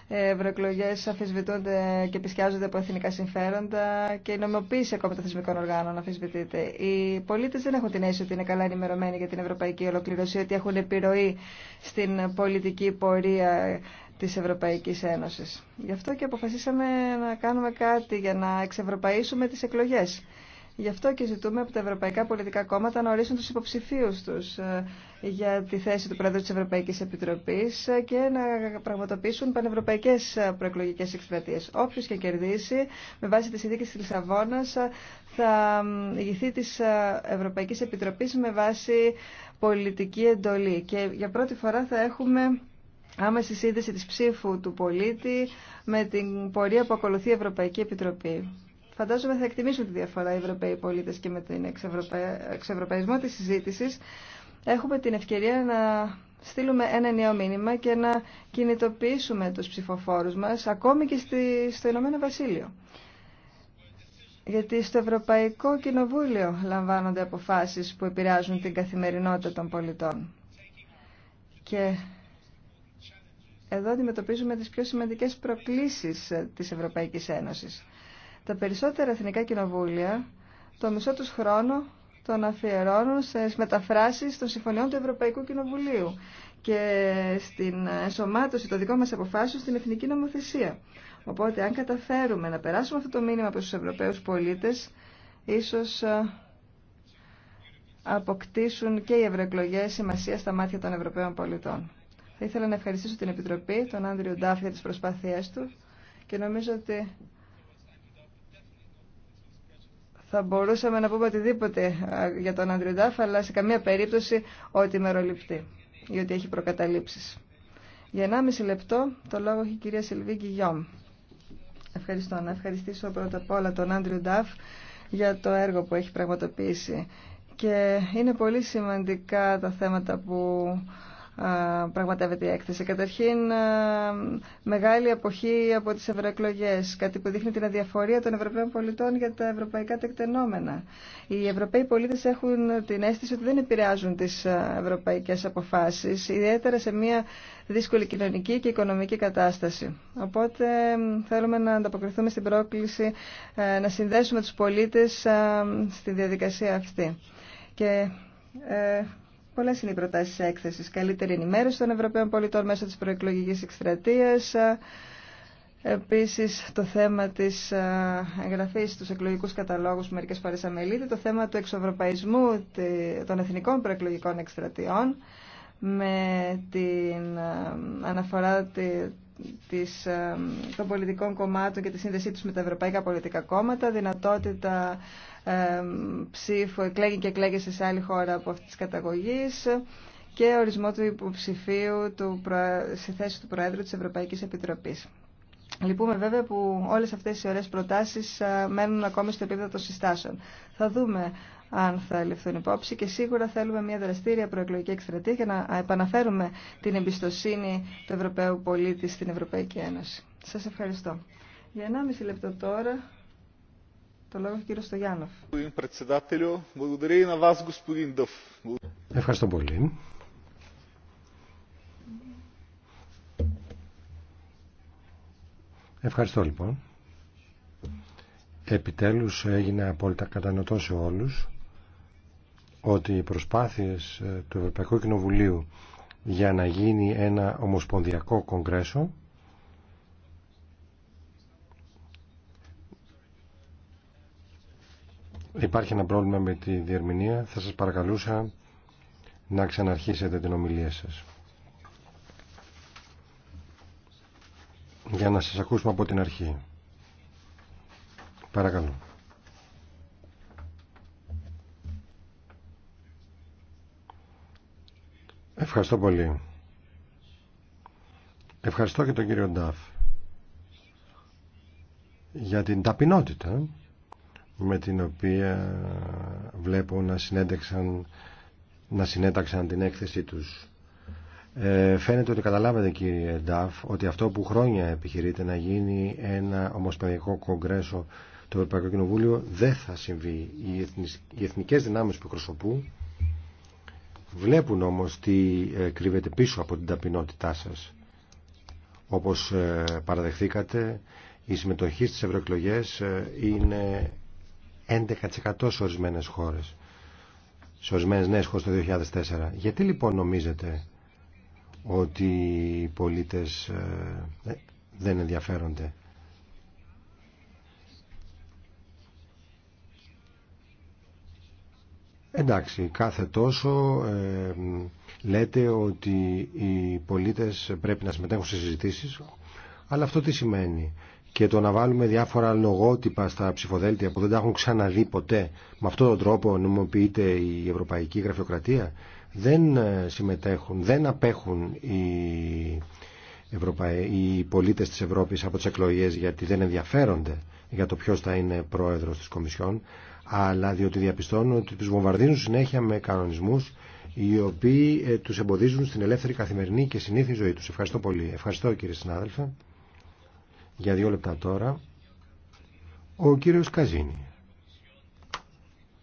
ευρωεκλογέ αφισβητούνται και επισκιάζονται από εθνικά συμφέροντα και η νομιμοποίηση ακόμα των θεσμικών οργάνων αφισβητείται. Οι πολίτε δεν έχουν την αίσθηση ότι είναι καλά ενημερωμένοι για την ευρωπαϊκή ολοκληρωσία, ότι έχουν επιρροή στην πολιτική πορεία τη Ευρωπαϊκή Ένωση. Γι' αυτό και αποφασίσαμε να κάνουμε κάτι για να εξευρωπαίσουμε τι εκλογέ. Γι' αυτό και ζητούμε από τα ευρωπαϊκά πολιτικά κόμματα να ορίσουν τους υποψηφίους τους ε, για τη θέση του Πρόεδρου της Ευρωπαϊκής Επιτροπής ε, και να πραγματοποιήσουν πανευρωπαϊκές ε, προεκλογικές εκστρατείες. Όποιος και κερδίσει, με βάση τις συνθήκες της Λισαβόνας, θα ηγηθεί της Ευρωπαϊκής Επιτροπής με βάση πολιτική εντολή. Και για πρώτη φορά θα έχουμε άμεση σύνδεση της ψήφου του πολίτη με την πορεία που ακολουθεί η Ευρωπαϊκή Επιτροπή. Φαντάζομαι θα εκτιμήσουν τη διαφορά οι Ευρωπαίοι πολίτε και με τον εξευρωπαϊσμό της συζήτηση, έχουμε την ευκαιρία να στείλουμε ένα νέο μήνυμα και να κινητοποιήσουμε τους ψηφοφόρους μας ακόμη και στη, στο Ηνωμένο Βασίλειο. Γιατί στο Ευρωπαϊκό Κοινοβούλιο λαμβάνονται αποφάσεις που επηρεάζουν την καθημερινότητα των πολιτών. Και εδώ αντιμετωπίζουμε τις πιο σημαντικές προκλήσεις ε, της Ευρωπαϊκής Ένωσης. Τα περισσότερα εθνικά κοινοβούλια το μισό του χρόνο τον αφιερώνουν σε μεταφράσει των συμφωνιών του Ευρωπαϊκού Κοινοβουλίου και στην ενσωμάτωση των δικών μα αποφάσεων στην εθνική νομοθεσία. Οπότε αν καταφέρουμε να περάσουμε αυτό το μήνυμα προ του Ευρωπαίου πολίτε, ίσω ε, αποκτήσουν και οι ευρωεκλογέ σημασία στα μάτια των Ευρωπαίων πολιτών. Θα ήθελα να ευχαριστήσω την Επιτροπή, τον Άνδριο Ντάφ για τι προσπάθειές του και νομίζω ότι θα μπορούσαμε να πούμε οτιδήποτε για τον Άντριο αλλά σε καμία περίπτωση ότι μεροληπτεί ή ότι έχει προκαταλήψεις. Για 1,5 λεπτό το λόγο έχει η κυρία Σιλβίκη Γιόμ. Ευχαριστώ. Να ευχαριστήσω πρώτα απ' όλα τον Άντριου Ντάφ για το έργο που έχει πραγματοποιήσει. Και είναι πολύ σημαντικά τα θέματα που πραγματεύεται η έκθεση. Καταρχήν, μεγάλη αποχή από τις ευρωεκλογέ, κάτι που δείχνει την αδιαφορία των Ευρωπαίων πολιτών για τα ευρωπαϊκά τεκτενόμενα. Οι Ευρωπαίοι πολίτες έχουν την αίσθηση ότι δεν επηρεάζουν τις ευρωπαϊκές αποφάσεις, ιδιαίτερα σε μια δύσκολη κοινωνική και οικονομική κατάσταση. Οπότε θέλουμε να ανταποκριθούμε στην πρόκληση να συνδέσουμε τους πολίτες στη διαδικασία αυτή. Και ε, Πολλέ είναι οι προτάσει έκθεση. Καλύτερη ενημέρωση των Ευρωπαίων πολιτών μέσω τη προεκλογική εκστρατεία. Επίση, το θέμα τη ε, εγγραφή στου εκλογικού καταλόγου που μερικέ φορέ αμελείται. Το θέμα του εξοευρωπαϊσμού των εθνικών προεκλογικών εκστρατείων, με την ε, αναφορά της, ε, των πολιτικών κομμάτων και τη σύνδεσή τους με τα ευρωπαϊκά πολιτικά κόμματα, δυνατότητα ψήφο, εκλέγει και εκλέγει σε άλλη χώρα από αυτή τη καταγωγή και ορισμό του υποψηφίου του, στη θέση του Προέδρου της Ευρωπαϊκής Επιτροπής. Λυπούμε βέβαια που όλες αυτές οι ωραίες προτάσεις ε, μένουν ακόμη στο επίπεδο των συστάσεων. Θα δούμε αν θα ληφθούν υπόψη και σίγουρα θέλουμε μια δραστήρια προεκλογική εκστρατεία για να επαναφέρουμε την εμπιστοσύνη του Ευρωπαίου πολίτη στην Ευρωπαϊκή Ένωση. Σας ευχαριστώ. Για 1,5 λεπτό τώρα το λόγο έχει ο Στογιάννοφ. Ευχαριστώ πολύ. Ευχαριστώ λοιπόν. Επιτέλους έγινε απόλυτα κατανοητό σε όλους ότι οι προσπάθειες ε, του Ευρωπαϊκού Κοινοβουλίου για να γίνει ένα ομοσπονδιακό κογκρέσο Υπάρχει ένα πρόβλημα με τη διερμηνία. Θα σας παρακαλούσα να ξαναρχίσετε την ομιλία σας. Για να σας ακούσουμε από την αρχή. Παρακαλώ. Ευχαριστώ πολύ. Ευχαριστώ και τον κύριο Νταφ για την ταπεινότητα με την οποία βλέπω να συνέταξαν, να συνέταξαν την έκθεσή τους. Ε, φαίνεται ότι καταλάβατε κύριε Νταφ ότι αυτό που χρόνια επιχειρείται να γίνει ένα ομοσπονδιακό κογκρέσο του Ευρωπαϊκού Κοινοβούλιο δεν θα συμβεί. Οι εθνικές δυνάμεις που εκπροσωπούν βλέπουν όμως τι ε, κρύβεται πίσω από την ταπεινότητά σας. Όπως ε, παραδεχθήκατε, η συμμετοχή στις ευρωεκλογέ ε, είναι 11% σε ορισμένε χώρες, σε ορισμένε νέες χώρες το 2004. Γιατί λοιπόν νομίζετε ότι οι πολίτες ε, ε, δεν ενδιαφέρονται. Εντάξει, κάθε τόσο ε, λέτε ότι οι πολίτες πρέπει να συμμετέχουν σε συζητήσεις, αλλά αυτό τι σημαίνει και το να βάλουμε διάφορα λογότυπα στα ψηφοδέλτια που δεν τα έχουν ξαναδεί ποτέ με αυτόν τον τρόπο νομιμοποιείται η Ευρωπαϊκή Γραφειοκρατία δεν ε, συμμετέχουν, δεν απέχουν οι, Ευρωπαϊ... οι πολίτες της Ευρώπης από τις εκλογές γιατί δεν ενδιαφέρονται για το ποιος θα είναι πρόεδρος της Κομισιόν αλλά διότι διαπιστώνουν ότι τους βομβαρδίζουν συνέχεια με κανονισμούς οι οποίοι ε, τους εμποδίζουν στην ελεύθερη καθημερινή και συνήθη ζωή τους. Ευχαριστώ πολύ. Ευχαριστώ κύριε συνάδελφε για δύο λεπτά τώρα ο κύριος Καζίνη,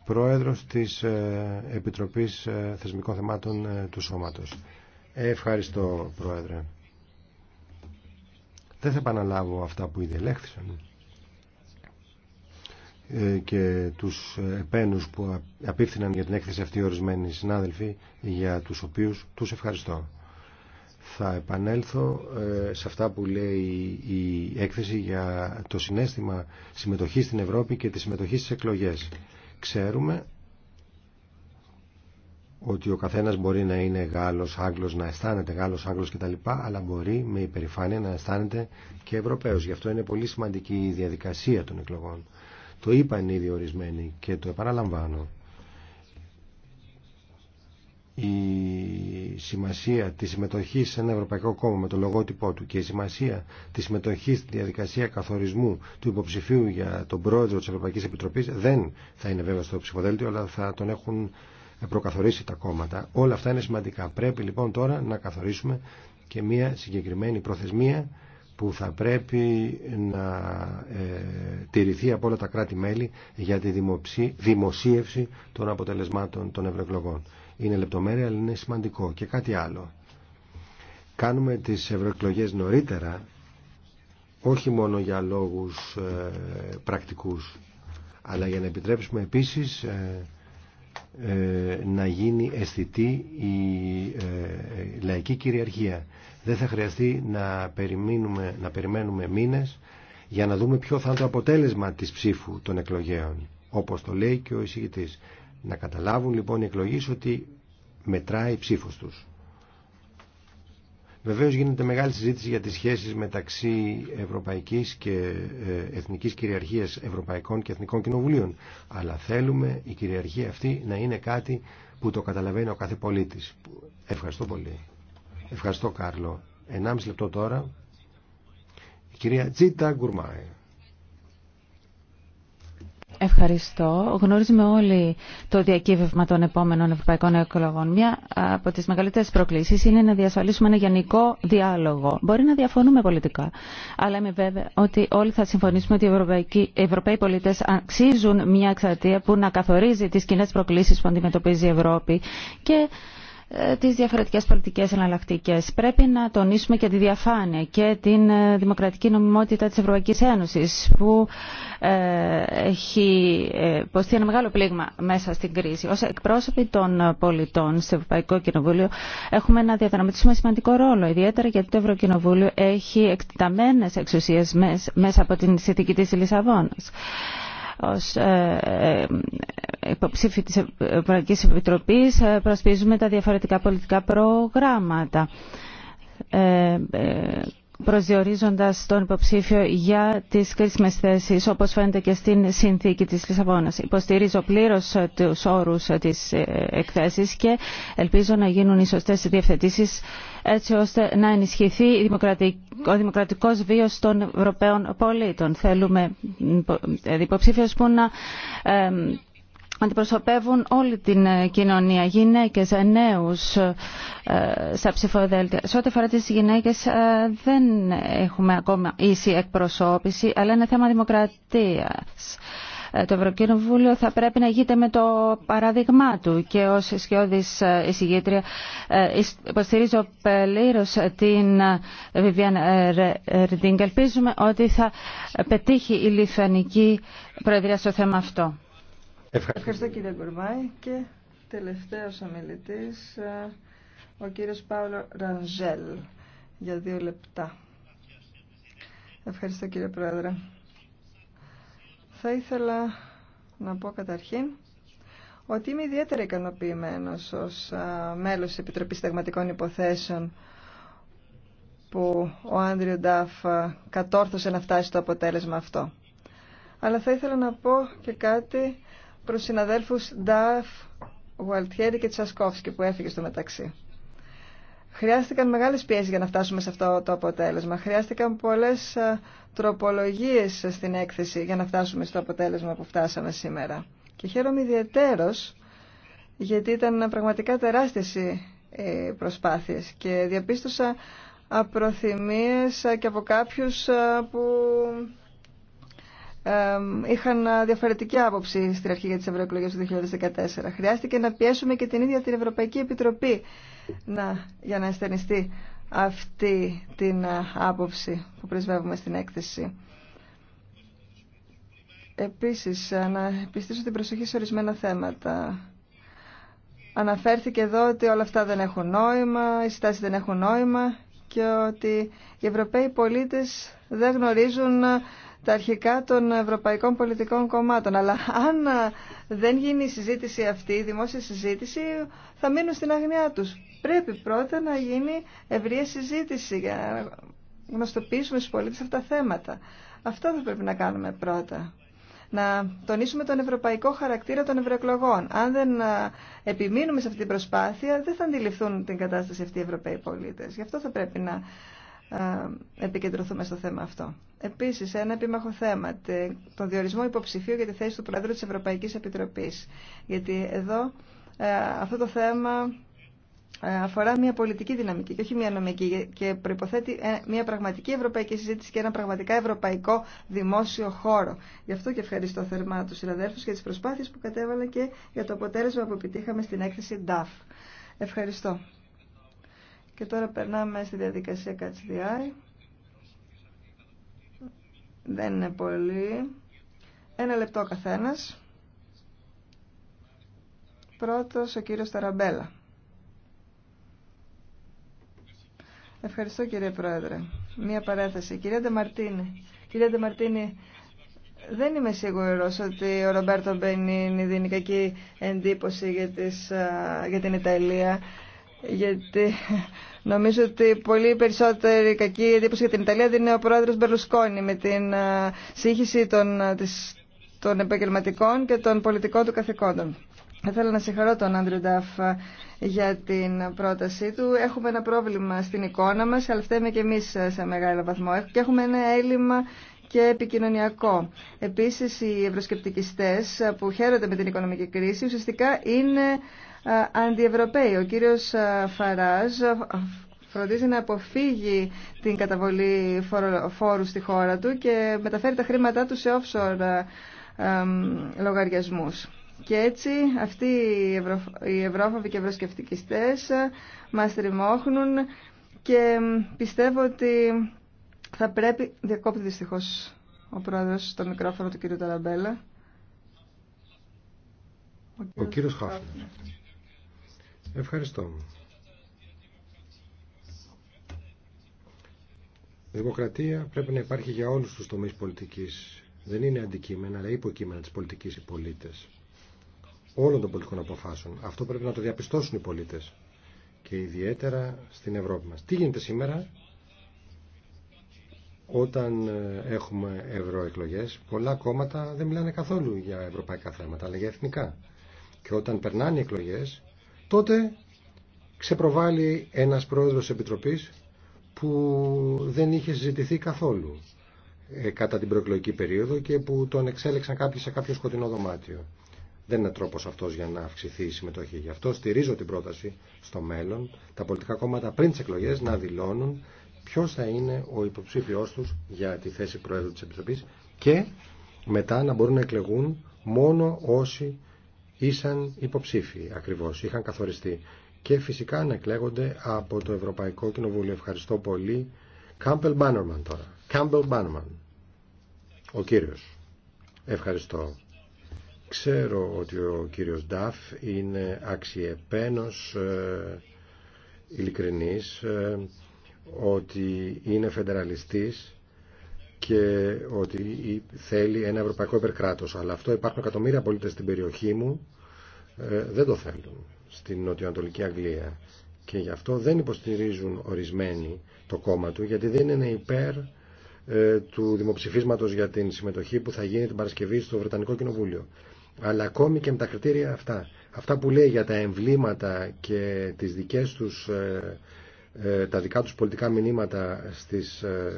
πρόεδρος της ε, Επιτροπής ε, Θεσμικών Θεμάτων ε, του Σώματος. Ευχαριστώ, πρόεδρε. Δεν θα επαναλάβω αυτά που ήδη ελέγχθησαν και τους επένους που απίφθηναν για την έκθεση αυτή ορισμένοι συνάδελφοι, για τους οποίους τους ευχαριστώ. Θα επανέλθω ε, σε αυτά που λέει η έκθεση για το συνέστημα συμμετοχής στην Ευρώπη και τη συμμετοχή στις εκλογές. Ξέρουμε ότι ο καθένας μπορεί να είναι Γάλλος, Άγγλος, να αισθάνεται Γάλλος, Άγγλος κτλ. Αλλά μπορεί με υπερηφάνεια να αισθάνεται και Ευρωπαίος. Γι' αυτό είναι πολύ σημαντική η διαδικασία των εκλογών. Το είπαν ήδη ορισμένοι και το επαναλαμβάνω η σημασία της συμμετοχής σε ένα ευρωπαϊκό κόμμα με το λογότυπό του και η σημασία της συμμετοχής στη διαδικασία καθορισμού του υποψηφίου για τον πρόεδρο της Ευρωπαϊκής Επιτροπής δεν θα είναι βέβαια στο ψηφοδέλτιο αλλά θα τον έχουν προκαθορίσει τα κόμματα. Όλα αυτά είναι σημαντικά. Πρέπει λοιπόν τώρα να καθορίσουμε και μια συγκεκριμένη προθεσμία που θα πρέπει να ε, τηρηθεί από όλα τα κράτη-μέλη για τη δημοψή, δημοσίευση των αποτελεσμάτων των ευρωεκλογών. Είναι λεπτομέρεια, αλλά είναι σημαντικό. Και κάτι άλλο. Κάνουμε τις ευρωεκλογέ νωρίτερα, όχι μόνο για λόγους ε, πρακτικούς, αλλά για να επιτρέψουμε επίσης ε, ε, να γίνει αισθητή η λαϊκή κυριαρχία. Δεν θα χρειαστεί να, περιμένουμε, να περιμένουμε μήνες για να δούμε ποιο θα είναι το αποτέλεσμα της ψήφου των εκλογέων, όπως το λέει και ο εισηγητής. Να καταλάβουν λοιπόν οι εκλογείς ότι μετράει η του. τους. Βεβαίως γίνεται μεγάλη συζήτηση για τις σχέσεις μεταξύ ευρωπαϊκής και ε, εθνικής κυριαρχίας ευρωπαϊκών και εθνικών κοινοβουλίων. Αλλά θέλουμε η κυριαρχία αυτή να είναι κάτι που το καταλαβαίνει ο κάθε πολίτης. Ευχαριστώ πολύ. Ευχαριστώ Κάρλο. 1,5 λεπτό τώρα. Η κυρία Τζίτα Γκουρμάε. Ευχαριστώ. Γνωρίζουμε όλοι το διακύβευμα των επόμενων ευρωπαϊκών εκλογών. Μια από τι μεγαλύτερε προκλήσει είναι να διασφαλίσουμε ένα γενικό διάλογο. Μπορεί να διαφωνούμε πολιτικά, αλλά είμαι βέβαια ότι όλοι θα συμφωνήσουμε ότι οι ευρωπαϊκοί, ευρωπαίοι πολίτε αξίζουν μια εξαρτία που να καθορίζει τι κοινέ προκλήσει που αντιμετωπίζει η Ευρώπη και ε, τις διαφορετικές πολιτικές εναλλακτικέ. Πρέπει να τονίσουμε και τη διαφάνεια και την ε, δημοκρατική νομιμότητα της Ευρωπαϊκής Ένωσης που ε, έχει υποστεί ένα μεγάλο πλήγμα μέσα στην κρίση. Ως εκπρόσωποι των πολιτών στο Ευρωπαϊκό Κοινοβούλιο έχουμε να διαδραματίσουμε σημαντικό ρόλο, ιδιαίτερα γιατί το Ευρωκοινοβούλιο έχει εκτεταμένες εξουσίες μέσα από την συνθήκη της Λισαβόνας ως υποψήφοι της Ευρωπαϊκής Επιτροπής ε, προσπίζουμε τα διαφορετικά πολιτικά προγράμματα ε, ε, προσδιορίζοντας τον υποψήφιο για τις κρίσιμες θέσεις όπως φαίνεται και στην συνθήκη της Λισαβόνας. Υποστηρίζω πλήρως τους όρους της εκθέσης και ελπίζω να γίνουν οι σωστές διευθετήσεις έτσι ώστε να ενισχυθεί ο δημοκρατικός βίος των Ευρωπαίων πολίτων. Θέλουμε που να αντιπροσωπεύουν όλη την ε, κοινωνία, γυναίκες, ε, νέους ε, στα ψηφοδέλτια. Σε ό,τι αφορά τις γυναίκες δεν έχουμε ακόμα ίση εκπροσώπηση, αλλά είναι θέμα δημοκρατίας το Ευρωκοινοβούλιο θα πρέπει να γείται με το παράδειγμά του και ως ισχυώδης εισηγήτρια υποστηρίζω πλήρως την Βιβιάν Ρντίνγκ. Ελπίζουμε ότι θα πετύχει η λιθανική Προεδρία στο θέμα αυτό. Ευχαριστώ, Ευχαριστώ κύριε Γκουρμάη και τελευταίος ομιλητής ε, ο κύριος Παύλο Ρανζέλ για δύο λεπτά. Ευχαριστώ κύριε Πρόεδρε. Θα ήθελα να πω καταρχήν ότι είμαι ιδιαίτερα ικανοποιημένο ως ε, μέλος της Επιτροπής Σταγματικών Υποθέσεων που ο Άνδριο Ντάφ ε, κατόρθωσε να φτάσει στο αποτέλεσμα αυτό. Αλλά θα ήθελα να πω και κάτι προς συναδέλφους Νταφ, Γουαλτιέρη και Τσασκόφσκι που έφυγε στο μεταξύ. Χρειάστηκαν μεγάλες πιέσεις για να φτάσουμε σε αυτό το αποτέλεσμα. Χρειάστηκαν πολλές ε, τροπολογίες στην έκθεση για να φτάσουμε στο αποτέλεσμα που φτάσαμε σήμερα. Και χαίρομαι ιδιαίτερως γιατί ήταν πραγματικά τεράστιες οι ε, προσπάθειες και διαπίστωσα απροθυμίες ε, και από κάποιους που είχαν διαφορετική άποψη στην αρχή για τις ευρωεκλογέ του 2014. Χρειάστηκε να πιέσουμε και την ίδια την Ευρωπαϊκή Επιτροπή να, για να αισθενιστεί αυτή την ε, άποψη που πρεσβεύουμε στην έκθεση. Επίσης, ε, να επιστήσω την προσοχή σε ορισμένα θέματα. Αναφέρθηκε εδώ ότι όλα αυτά δεν έχουν νόημα, οι συστάσεις δεν έχουν νόημα και ότι οι Ευρωπαίοι πολίτες δεν γνωρίζουν τα αρχικά των ευρωπαϊκών πολιτικών κομμάτων. Αλλά αν ε, δεν γίνει η συζήτηση αυτή, η δημόσια συζήτηση, θα μείνουν στην αγνοιά τους. Πρέπει πρώτα να γίνει ευρεία συζήτηση για να γνωστοποιήσουμε στους πολίτες αυτά τα θέματα. Αυτό θα πρέπει να κάνουμε πρώτα να τονίσουμε τον ευρωπαϊκό χαρακτήρα των ευρωεκλογών. Αν δεν ε, επιμείνουμε σε αυτή την προσπάθεια, δεν θα αντιληφθούν την κατάσταση αυτοί οι Ευρωπαίοι πολίτες. Γι' αυτό θα πρέπει να επικεντρωθούμε στο θέμα αυτό. Επίση, ένα επίμαχο θέμα, τον διορισμό υποψηφίου για τη θέση του Πρόεδρου τη Ευρωπαϊκή Επιτροπή. Γιατί εδώ ε, αυτό το θέμα ε, αφορά μια πολιτική δυναμική και όχι μια νομική και προϋποθέτει ε, μια πραγματική ευρωπαϊκή συζήτηση και ένα πραγματικά ευρωπαϊκό δημόσιο χώρο. Γι' αυτό και ευχαριστώ θερμά τους συναδέλφους για τις προσπάθειες που κατέβαλα και για το αποτέλεσμα που επιτύχαμε στην έκθεση DAF. Ευχαριστώ. Και τώρα περνάμε στη διαδικασία CatchDI. Δεν είναι πολύ. Ένα λεπτό καθένας. Πρώτος ο κύριος Ταραμπέλα. Ευχαριστώ κύριε Πρόεδρε. Μία παρέθεση. Κυρία Ντεμαρτίνη, κυρία Ντεμαρτίνη, δεν είμαι σίγουρος ότι ο Ρομπέρτο Μπενίνη δίνει κακή εντύπωση για την Ιταλία γιατί νομίζω ότι πολύ περισσότερη κακή εντύπωση για την Ιταλία δίνει ο πρόεδρος Μπερλουσκόνη με την ε, σύγχυση των, ε, της, των επαγγελματικών και των πολιτικών του καθηκόντων. Θέλω να συγχαρώ τον Άντριο Νταφ ε, για την πρότασή του. Έχουμε ένα πρόβλημα στην εικόνα μας, αλλά φταίμε και εμείς σε μεγάλο βαθμό. Και έχουμε ένα έλλειμμα και επικοινωνιακό. Επίσης, οι ευρωσκεπτικιστές που χαίρονται με την οικονομική κρίση ουσιαστικά είναι αντιευρωπαίοι. Ο κύριος Φαράζ φροντίζει να αποφύγει την καταβολή φόρου στη χώρα του και μεταφέρει τα χρήματά του σε offshore λογαριασμούς. Και έτσι αυτοί οι, ευρώφοβοι και ευρωσκεφτικιστές μας τριμώχνουν και πιστεύω ότι θα πρέπει... Διακόπτει δυστυχώς ο πρόεδρος στο μικρόφωνο του κύριου Ταραμπέλα. Ο κύριος, ο Ευχαριστώ. Δημοκρατία πρέπει να υπάρχει για όλους τους τομείς πολιτικής. Δεν είναι αντικείμενα, αλλά υποκείμενα της πολιτικής οι πολίτες. Όλων των πολιτικών αποφάσεων. Αυτό πρέπει να το διαπιστώσουν οι πολίτες. Και ιδιαίτερα στην Ευρώπη μας. Τι γίνεται σήμερα όταν ε, έχουμε ευρωεκλογές. πολλά κόμματα δεν μιλάνε καθόλου για ευρωπαϊκά θέματα, αλλά για εθνικά. Και όταν περνάνε οι εκλογές, τότε ξεπροβάλλει ένας πρόεδρος επιτροπής που δεν είχε συζητηθεί καθόλου ε, κατά την προεκλογική περίοδο και που τον εξέλεξαν κάποιοι σε κάποιο σκοτεινό δωμάτιο. Δεν είναι τρόπο αυτό για να αυξηθεί η συμμετοχή. Γι' αυτό στηρίζω την πρόταση στο μέλλον τα πολιτικά κόμματα πριν τι εκλογέ να δηλώνουν ποιο θα είναι ο υποψήφιό του για τη θέση Προέδρου τη Επιτροπή και μετά να μπορούν να εκλεγούν μόνο όσοι ήσαν υποψήφοι ακριβώς, είχαν καθοριστεί και φυσικά να από το Ευρωπαϊκό Κοινοβούλιο. Ευχαριστώ πολύ. Κάμπελ Μπάνερμαν τώρα. Κάμπελ Μπάνερμαν. Ο κύριος. Ευχαριστώ. Ξέρω ότι ο κύριος Νταφ είναι αξιεπένος, ε, ε ότι είναι φεντεραλιστής και ότι θέλει ένα ευρωπαϊκό υπερκράτος. Αλλά αυτό υπάρχουν εκατομμύρια πολίτες στην περιοχή μου ε, δεν το θέλουν στην νοτιοανατολική Αγγλία και γι' αυτό δεν υποστηρίζουν ορισμένοι το κόμμα του γιατί δεν είναι υπέρ ε, του δημοψηφίσματος για την συμμετοχή που θα γίνει την Παρασκευή στο Βρετανικό Κοινοβούλιο. Αλλά ακόμη και με τα κριτήρια αυτά, αυτά που λέει για τα εμβλήματα και τις δικές τους ε, ε, τα δικά τους πολιτικά μηνύματα στις ε,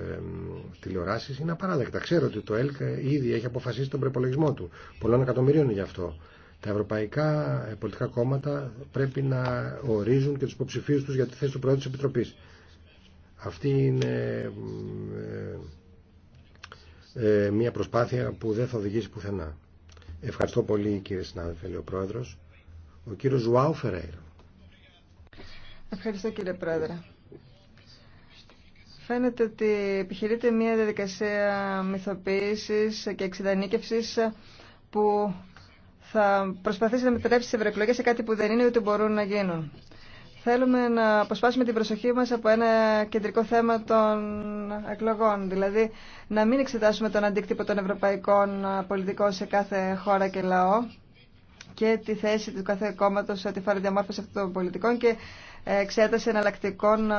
τηλεοράσεις είναι απαράδεκτα. Ξέρω ότι το ΕΛΚ ε, ήδη έχει αποφασίσει τον προπολογισμό του. Πολλών εκατομμυρίων είναι γι' αυτό. Τα ευρωπαϊκά ε, πολιτικά κόμματα πρέπει να ορίζουν και τους υποψηφίου τους για τη θέση του Πρόεδρου της Επιτροπής. Αυτή είναι μια προσπάθεια που δεν θα οδηγήσει πουθενά. Ευχαριστώ πολύ κύριε συνάδελφε, ο Πρόεδρος. Ο κύριος Ζουάου Φεραίρο. Ευχαριστώ κύριε Πρόεδρε. Φαίνεται ότι επιχειρείται μια διαδικασία μυθοποίησης και εξειδανίκευσης που θα προσπαθήσει να μετατρέψει τις ευρωεκλογές σε κάτι που δεν είναι ούτε μπορούν να γίνουν. Θέλουμε να αποσπάσουμε την προσοχή μας από ένα κεντρικό θέμα των εκλογών, δηλαδή να μην εξετάσουμε τον αντίκτυπο των ευρωπαϊκών πολιτικών σε κάθε χώρα και λαό και τη θέση του κάθε κόμματος σε ό,τι φάρει διαμόρφωση αυτών των πολιτικών και εξέταση εναλλακτικών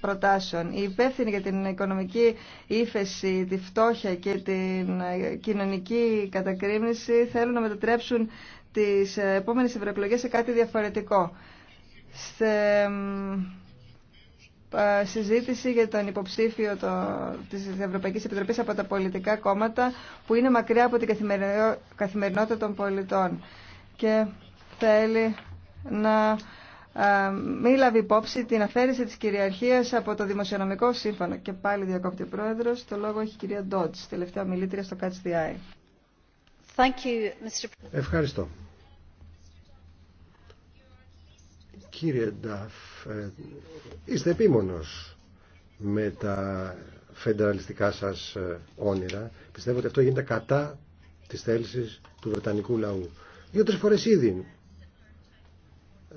προτάσεων. Η υπεύθυνοι για την οικονομική ύφεση, τη φτώχεια και την κοινωνική κατακρίνηση θέλουν να μετατρέψουν τις επόμενες ευρωεκλογές σε κάτι διαφορετικό. Σε συζήτηση για τον υποψήφιο το, της Ευρωπαϊκής Επιτροπής από τα πολιτικά κόμματα που είναι μακριά από την καθημερινότητα των πολιτών και θέλει να μη λάβει υπόψη την αφαίρεση της κυριαρχίας από το Δημοσιονομικό Σύμφωνο. Και πάλι διακόπτει ο Πρόεδρος. Το λόγο έχει η κυρία Ντότς, τελευταία μιλήτρια στο Catch Ευχαριστώ. Κύριε Νταφ, ε, είστε επίμονος με τα φεντεραλιστικά σας ε, όνειρα. Πιστεύω ότι αυτό γίνεται κατά της θέλησης του Βρετανικού λαού. Δύο-τρεις φορές ήδη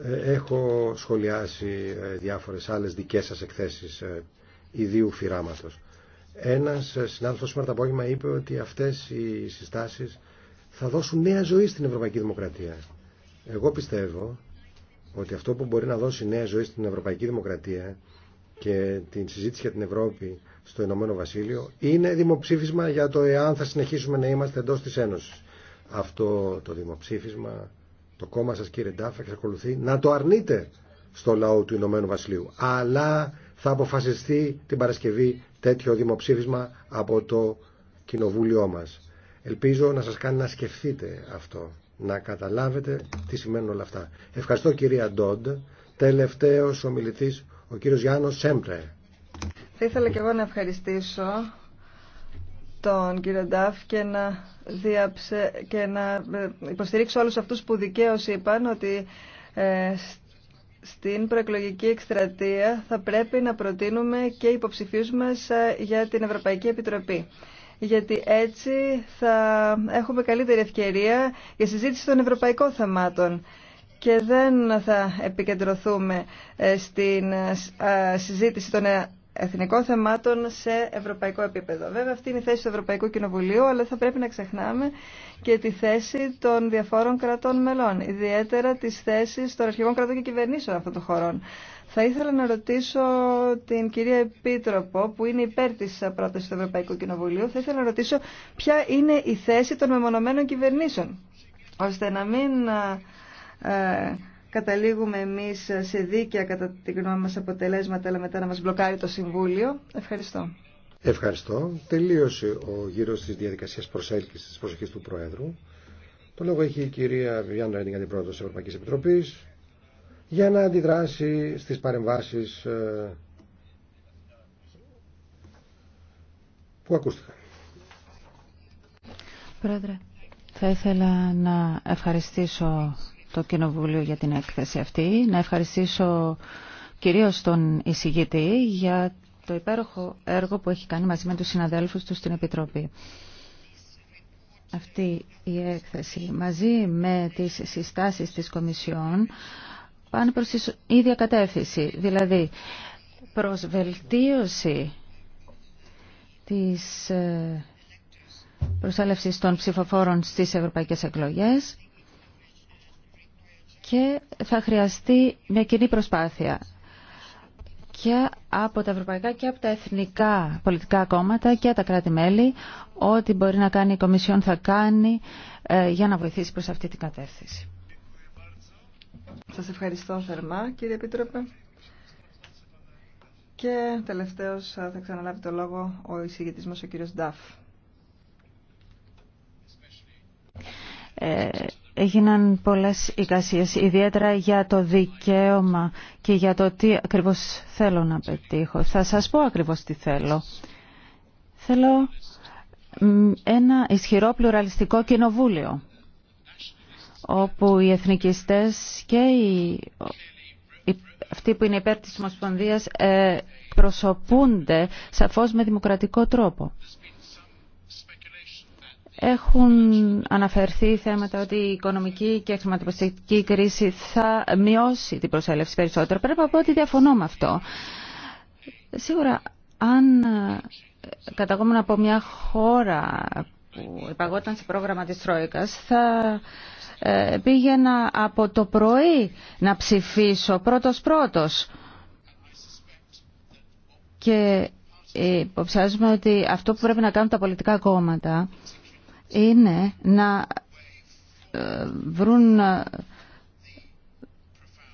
ε, έχω σχολιάσει ε, διάφορες άλλες δικές σας εκθέσεις ε, ιδίου φυράματος. Ένας συνάδελφος σήμερα το απόγευμα είπε ότι αυτές οι συστάσεις θα δώσουν νέα ζωή στην Ευρωπαϊκή Δημοκρατία. Εγώ πιστεύω ότι αυτό που μπορεί να δώσει νέα ζωή στην Ευρωπαϊκή Δημοκρατία και την συζήτηση για την Ευρώπη στο Ηνωμένο Βασίλειο είναι δημοψήφισμα για το εάν θα συνεχίσουμε να είμαστε εντός της Ένωσης. Αυτό το δημοψήφισμα το κόμμα σας κύριε Ντάφ εξακολουθεί να το αρνείτε στο λαό του Ηνωμένου Βασιλείου. Αλλά θα αποφασιστεί την Παρασκευή τέτοιο δημοψήφισμα από το κοινοβούλιο μας. Ελπίζω να σας κάνει να σκεφτείτε αυτό, να καταλάβετε τι σημαίνουν όλα αυτά. Ευχαριστώ κυρία Ντόντ. Τελευταίος ομιλητής ο κύριος Γιάννος Σέμπρε. Θα ήθελα και εγώ να ευχαριστήσω τον κύριο Ντάφ και να, διαψε... και να ε, υποστηρίξω όλους αυτούς που δικαίως είπαν ότι ε, στην προεκλογική εκστρατεία θα πρέπει να προτείνουμε και υποψηφίους μας ε, για την Ευρωπαϊκή Επιτροπή γιατί έτσι θα έχουμε καλύτερη ευκαιρία για συζήτηση των ευρωπαϊκών θεμάτων και δεν θα επικεντρωθούμε στην συζήτηση των εθνικών θεμάτων σε ευρωπαϊκό επίπεδο. Βέβαια αυτή είναι η θέση του Ευρωπαϊκού Κοινοβουλίου, αλλά θα πρέπει να ξεχνάμε και τη θέση των διαφόρων κρατών μελών, ιδιαίτερα τις θέσεις των αρχηγών κρατών και κυβερνήσεων αυτών των χωρών. Θα ήθελα να ρωτήσω την κυρία Επίτροπο, που είναι υπέρ τη πρόταση του Ευρωπαϊκού Κοινοβουλίου, θα ήθελα να ρωτήσω ποια είναι η θέση των μεμονωμένων κυβερνήσεων, ώστε να μην ε, καταλήγουμε εμείς σε δίκαια κατά τη γνώμη μας αποτελέσματα, αλλά μετά να μας μπλοκάρει το Συμβούλιο. Ευχαριστώ. Ευχαριστώ. Τελείωσε ο γύρος της διαδικασίας προσέλκυσης της προσοχής του Προέδρου. Το λόγο έχει η κυρία Βιάννα την αντιπρόεδρος της Ευρωπαϊκής Επιτροπής, για να αντιδράσει στις παρεμβάσεις ε, που ακούστηκαν. Πρόεδρε, θα ήθελα να ευχαριστήσω το Κοινοβούλιο για την έκθεση αυτή. Να ευχαριστήσω κυρίως τον εισηγητή για το υπέροχο έργο που έχει κάνει μαζί με τους συναδέλφους του στην Επιτροπή. Αυτή η έκθεση μαζί με τις συστάσεις της Κομισιόν πάνε προς την ίδια κατεύθυνση, δηλαδή προς βελτίωση της ε, προσέλευσης των ψηφοφόρων στις ευρωπαϊκές εκλογές και θα χρειαστεί μια κοινή προσπάθεια και από τα ευρωπαϊκά και από τα εθνικά πολιτικά κόμματα και τα κράτη-μέλη ό,τι μπορεί να κάνει η Κομισιόν θα κάνει ε, για να βοηθήσει προς αυτή την κατεύθυνση. Σας ευχαριστώ θερμά κύριε Επίτροπε. Και τελευταίος ε, θα ξαναλάβει το λόγο ο εισηγητής μας ο κύριος Νταφ. Ε, έγιναν πολλές εικασίες, ιδιαίτερα για το δικαίωμα και για το τι ακριβώς θέλω να πετύχω. Θα σας πω ακριβώς τι θέλω. Θέλω ένα ισχυρό πλουραλιστικό κοινοβούλιο, όπου οι εθνικιστές και οι αυτοί που είναι υπέρ της Ομοσπονδίας ε, προσωπούνται σαφώς με δημοκρατικό τρόπο. Έχουν αναφερθεί θέματα ότι η οικονομική και χρηματοπιστική κρίση θα μειώσει την προσέλευση περισσότερο. Πρέπει να πω ότι διαφωνώ με αυτό. Σίγουρα, αν ε, καταγόμουν από μια χώρα που υπαγόταν σε πρόγραμμα της Τρόικας, θα ε, πήγαινα από το πρωί να ψηφίσω πρώτος-πρώτος. Και ε, υποψιάζουμε ότι αυτό που πρέπει να κάνουν τα πολιτικά κόμματα είναι να ε, βρουν ε,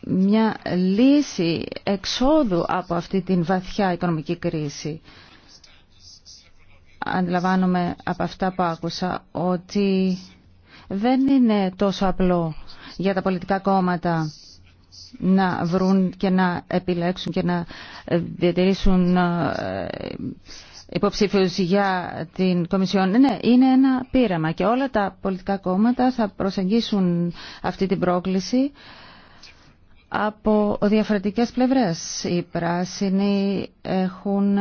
μια λύση εξόδου από αυτή την βαθιά οικονομική κρίση. Αντιλαμβάνομαι από αυτά που άκουσα ότι δεν είναι τόσο απλό για τα πολιτικά κόμματα να βρουν και να επιλέξουν και να ε, διατηρήσουν υποψήφιου για την Κομισιόν. Ναι, ναι, είναι ένα πείραμα και όλα τα πολιτικά κόμματα θα προσεγγίσουν αυτή την πρόκληση από διαφορετικές πλευρές. Οι πράσινοι έχουν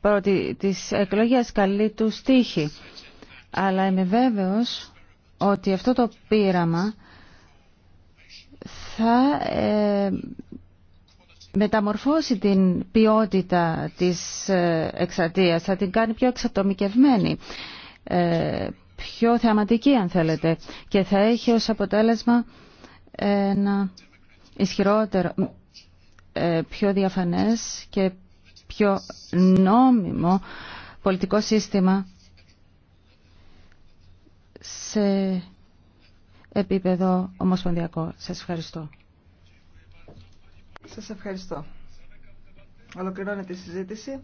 πρώτη τις εκλογές καλή του τύχη. Αλλά είμαι βέβαιος ότι αυτό το πείραμα θα ε, μεταμορφώσει την ποιότητα της ε, εξατία, θα την κάνει πιο εξατομικευμένη, ε, πιο θεαματική αν θέλετε και θα έχει ως αποτέλεσμα ένα ισχυρότερο, ε, πιο διαφανές και πιο νόμιμο πολιτικό σύστημα σε επίπεδο ομοσπονδιακό. Σας ευχαριστώ. Σας ευχαριστώ. Ολοκληρώνεται η συζήτηση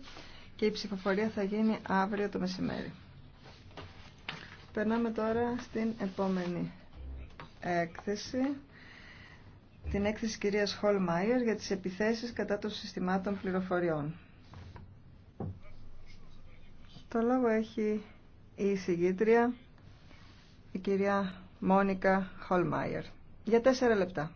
και η ψηφοφορία θα γίνει αύριο το μεσημέρι. Περνάμε τώρα στην επόμενη έκθεση. Την έκθεση κυρίας Χολμάιερ για τις επιθέσεις κατά των συστημάτων πληροφοριών. Το λόγο έχει η εισηγήτρια, η κυρία Μόνικα Χολμάιερ. Για τέσσερα λεπτά.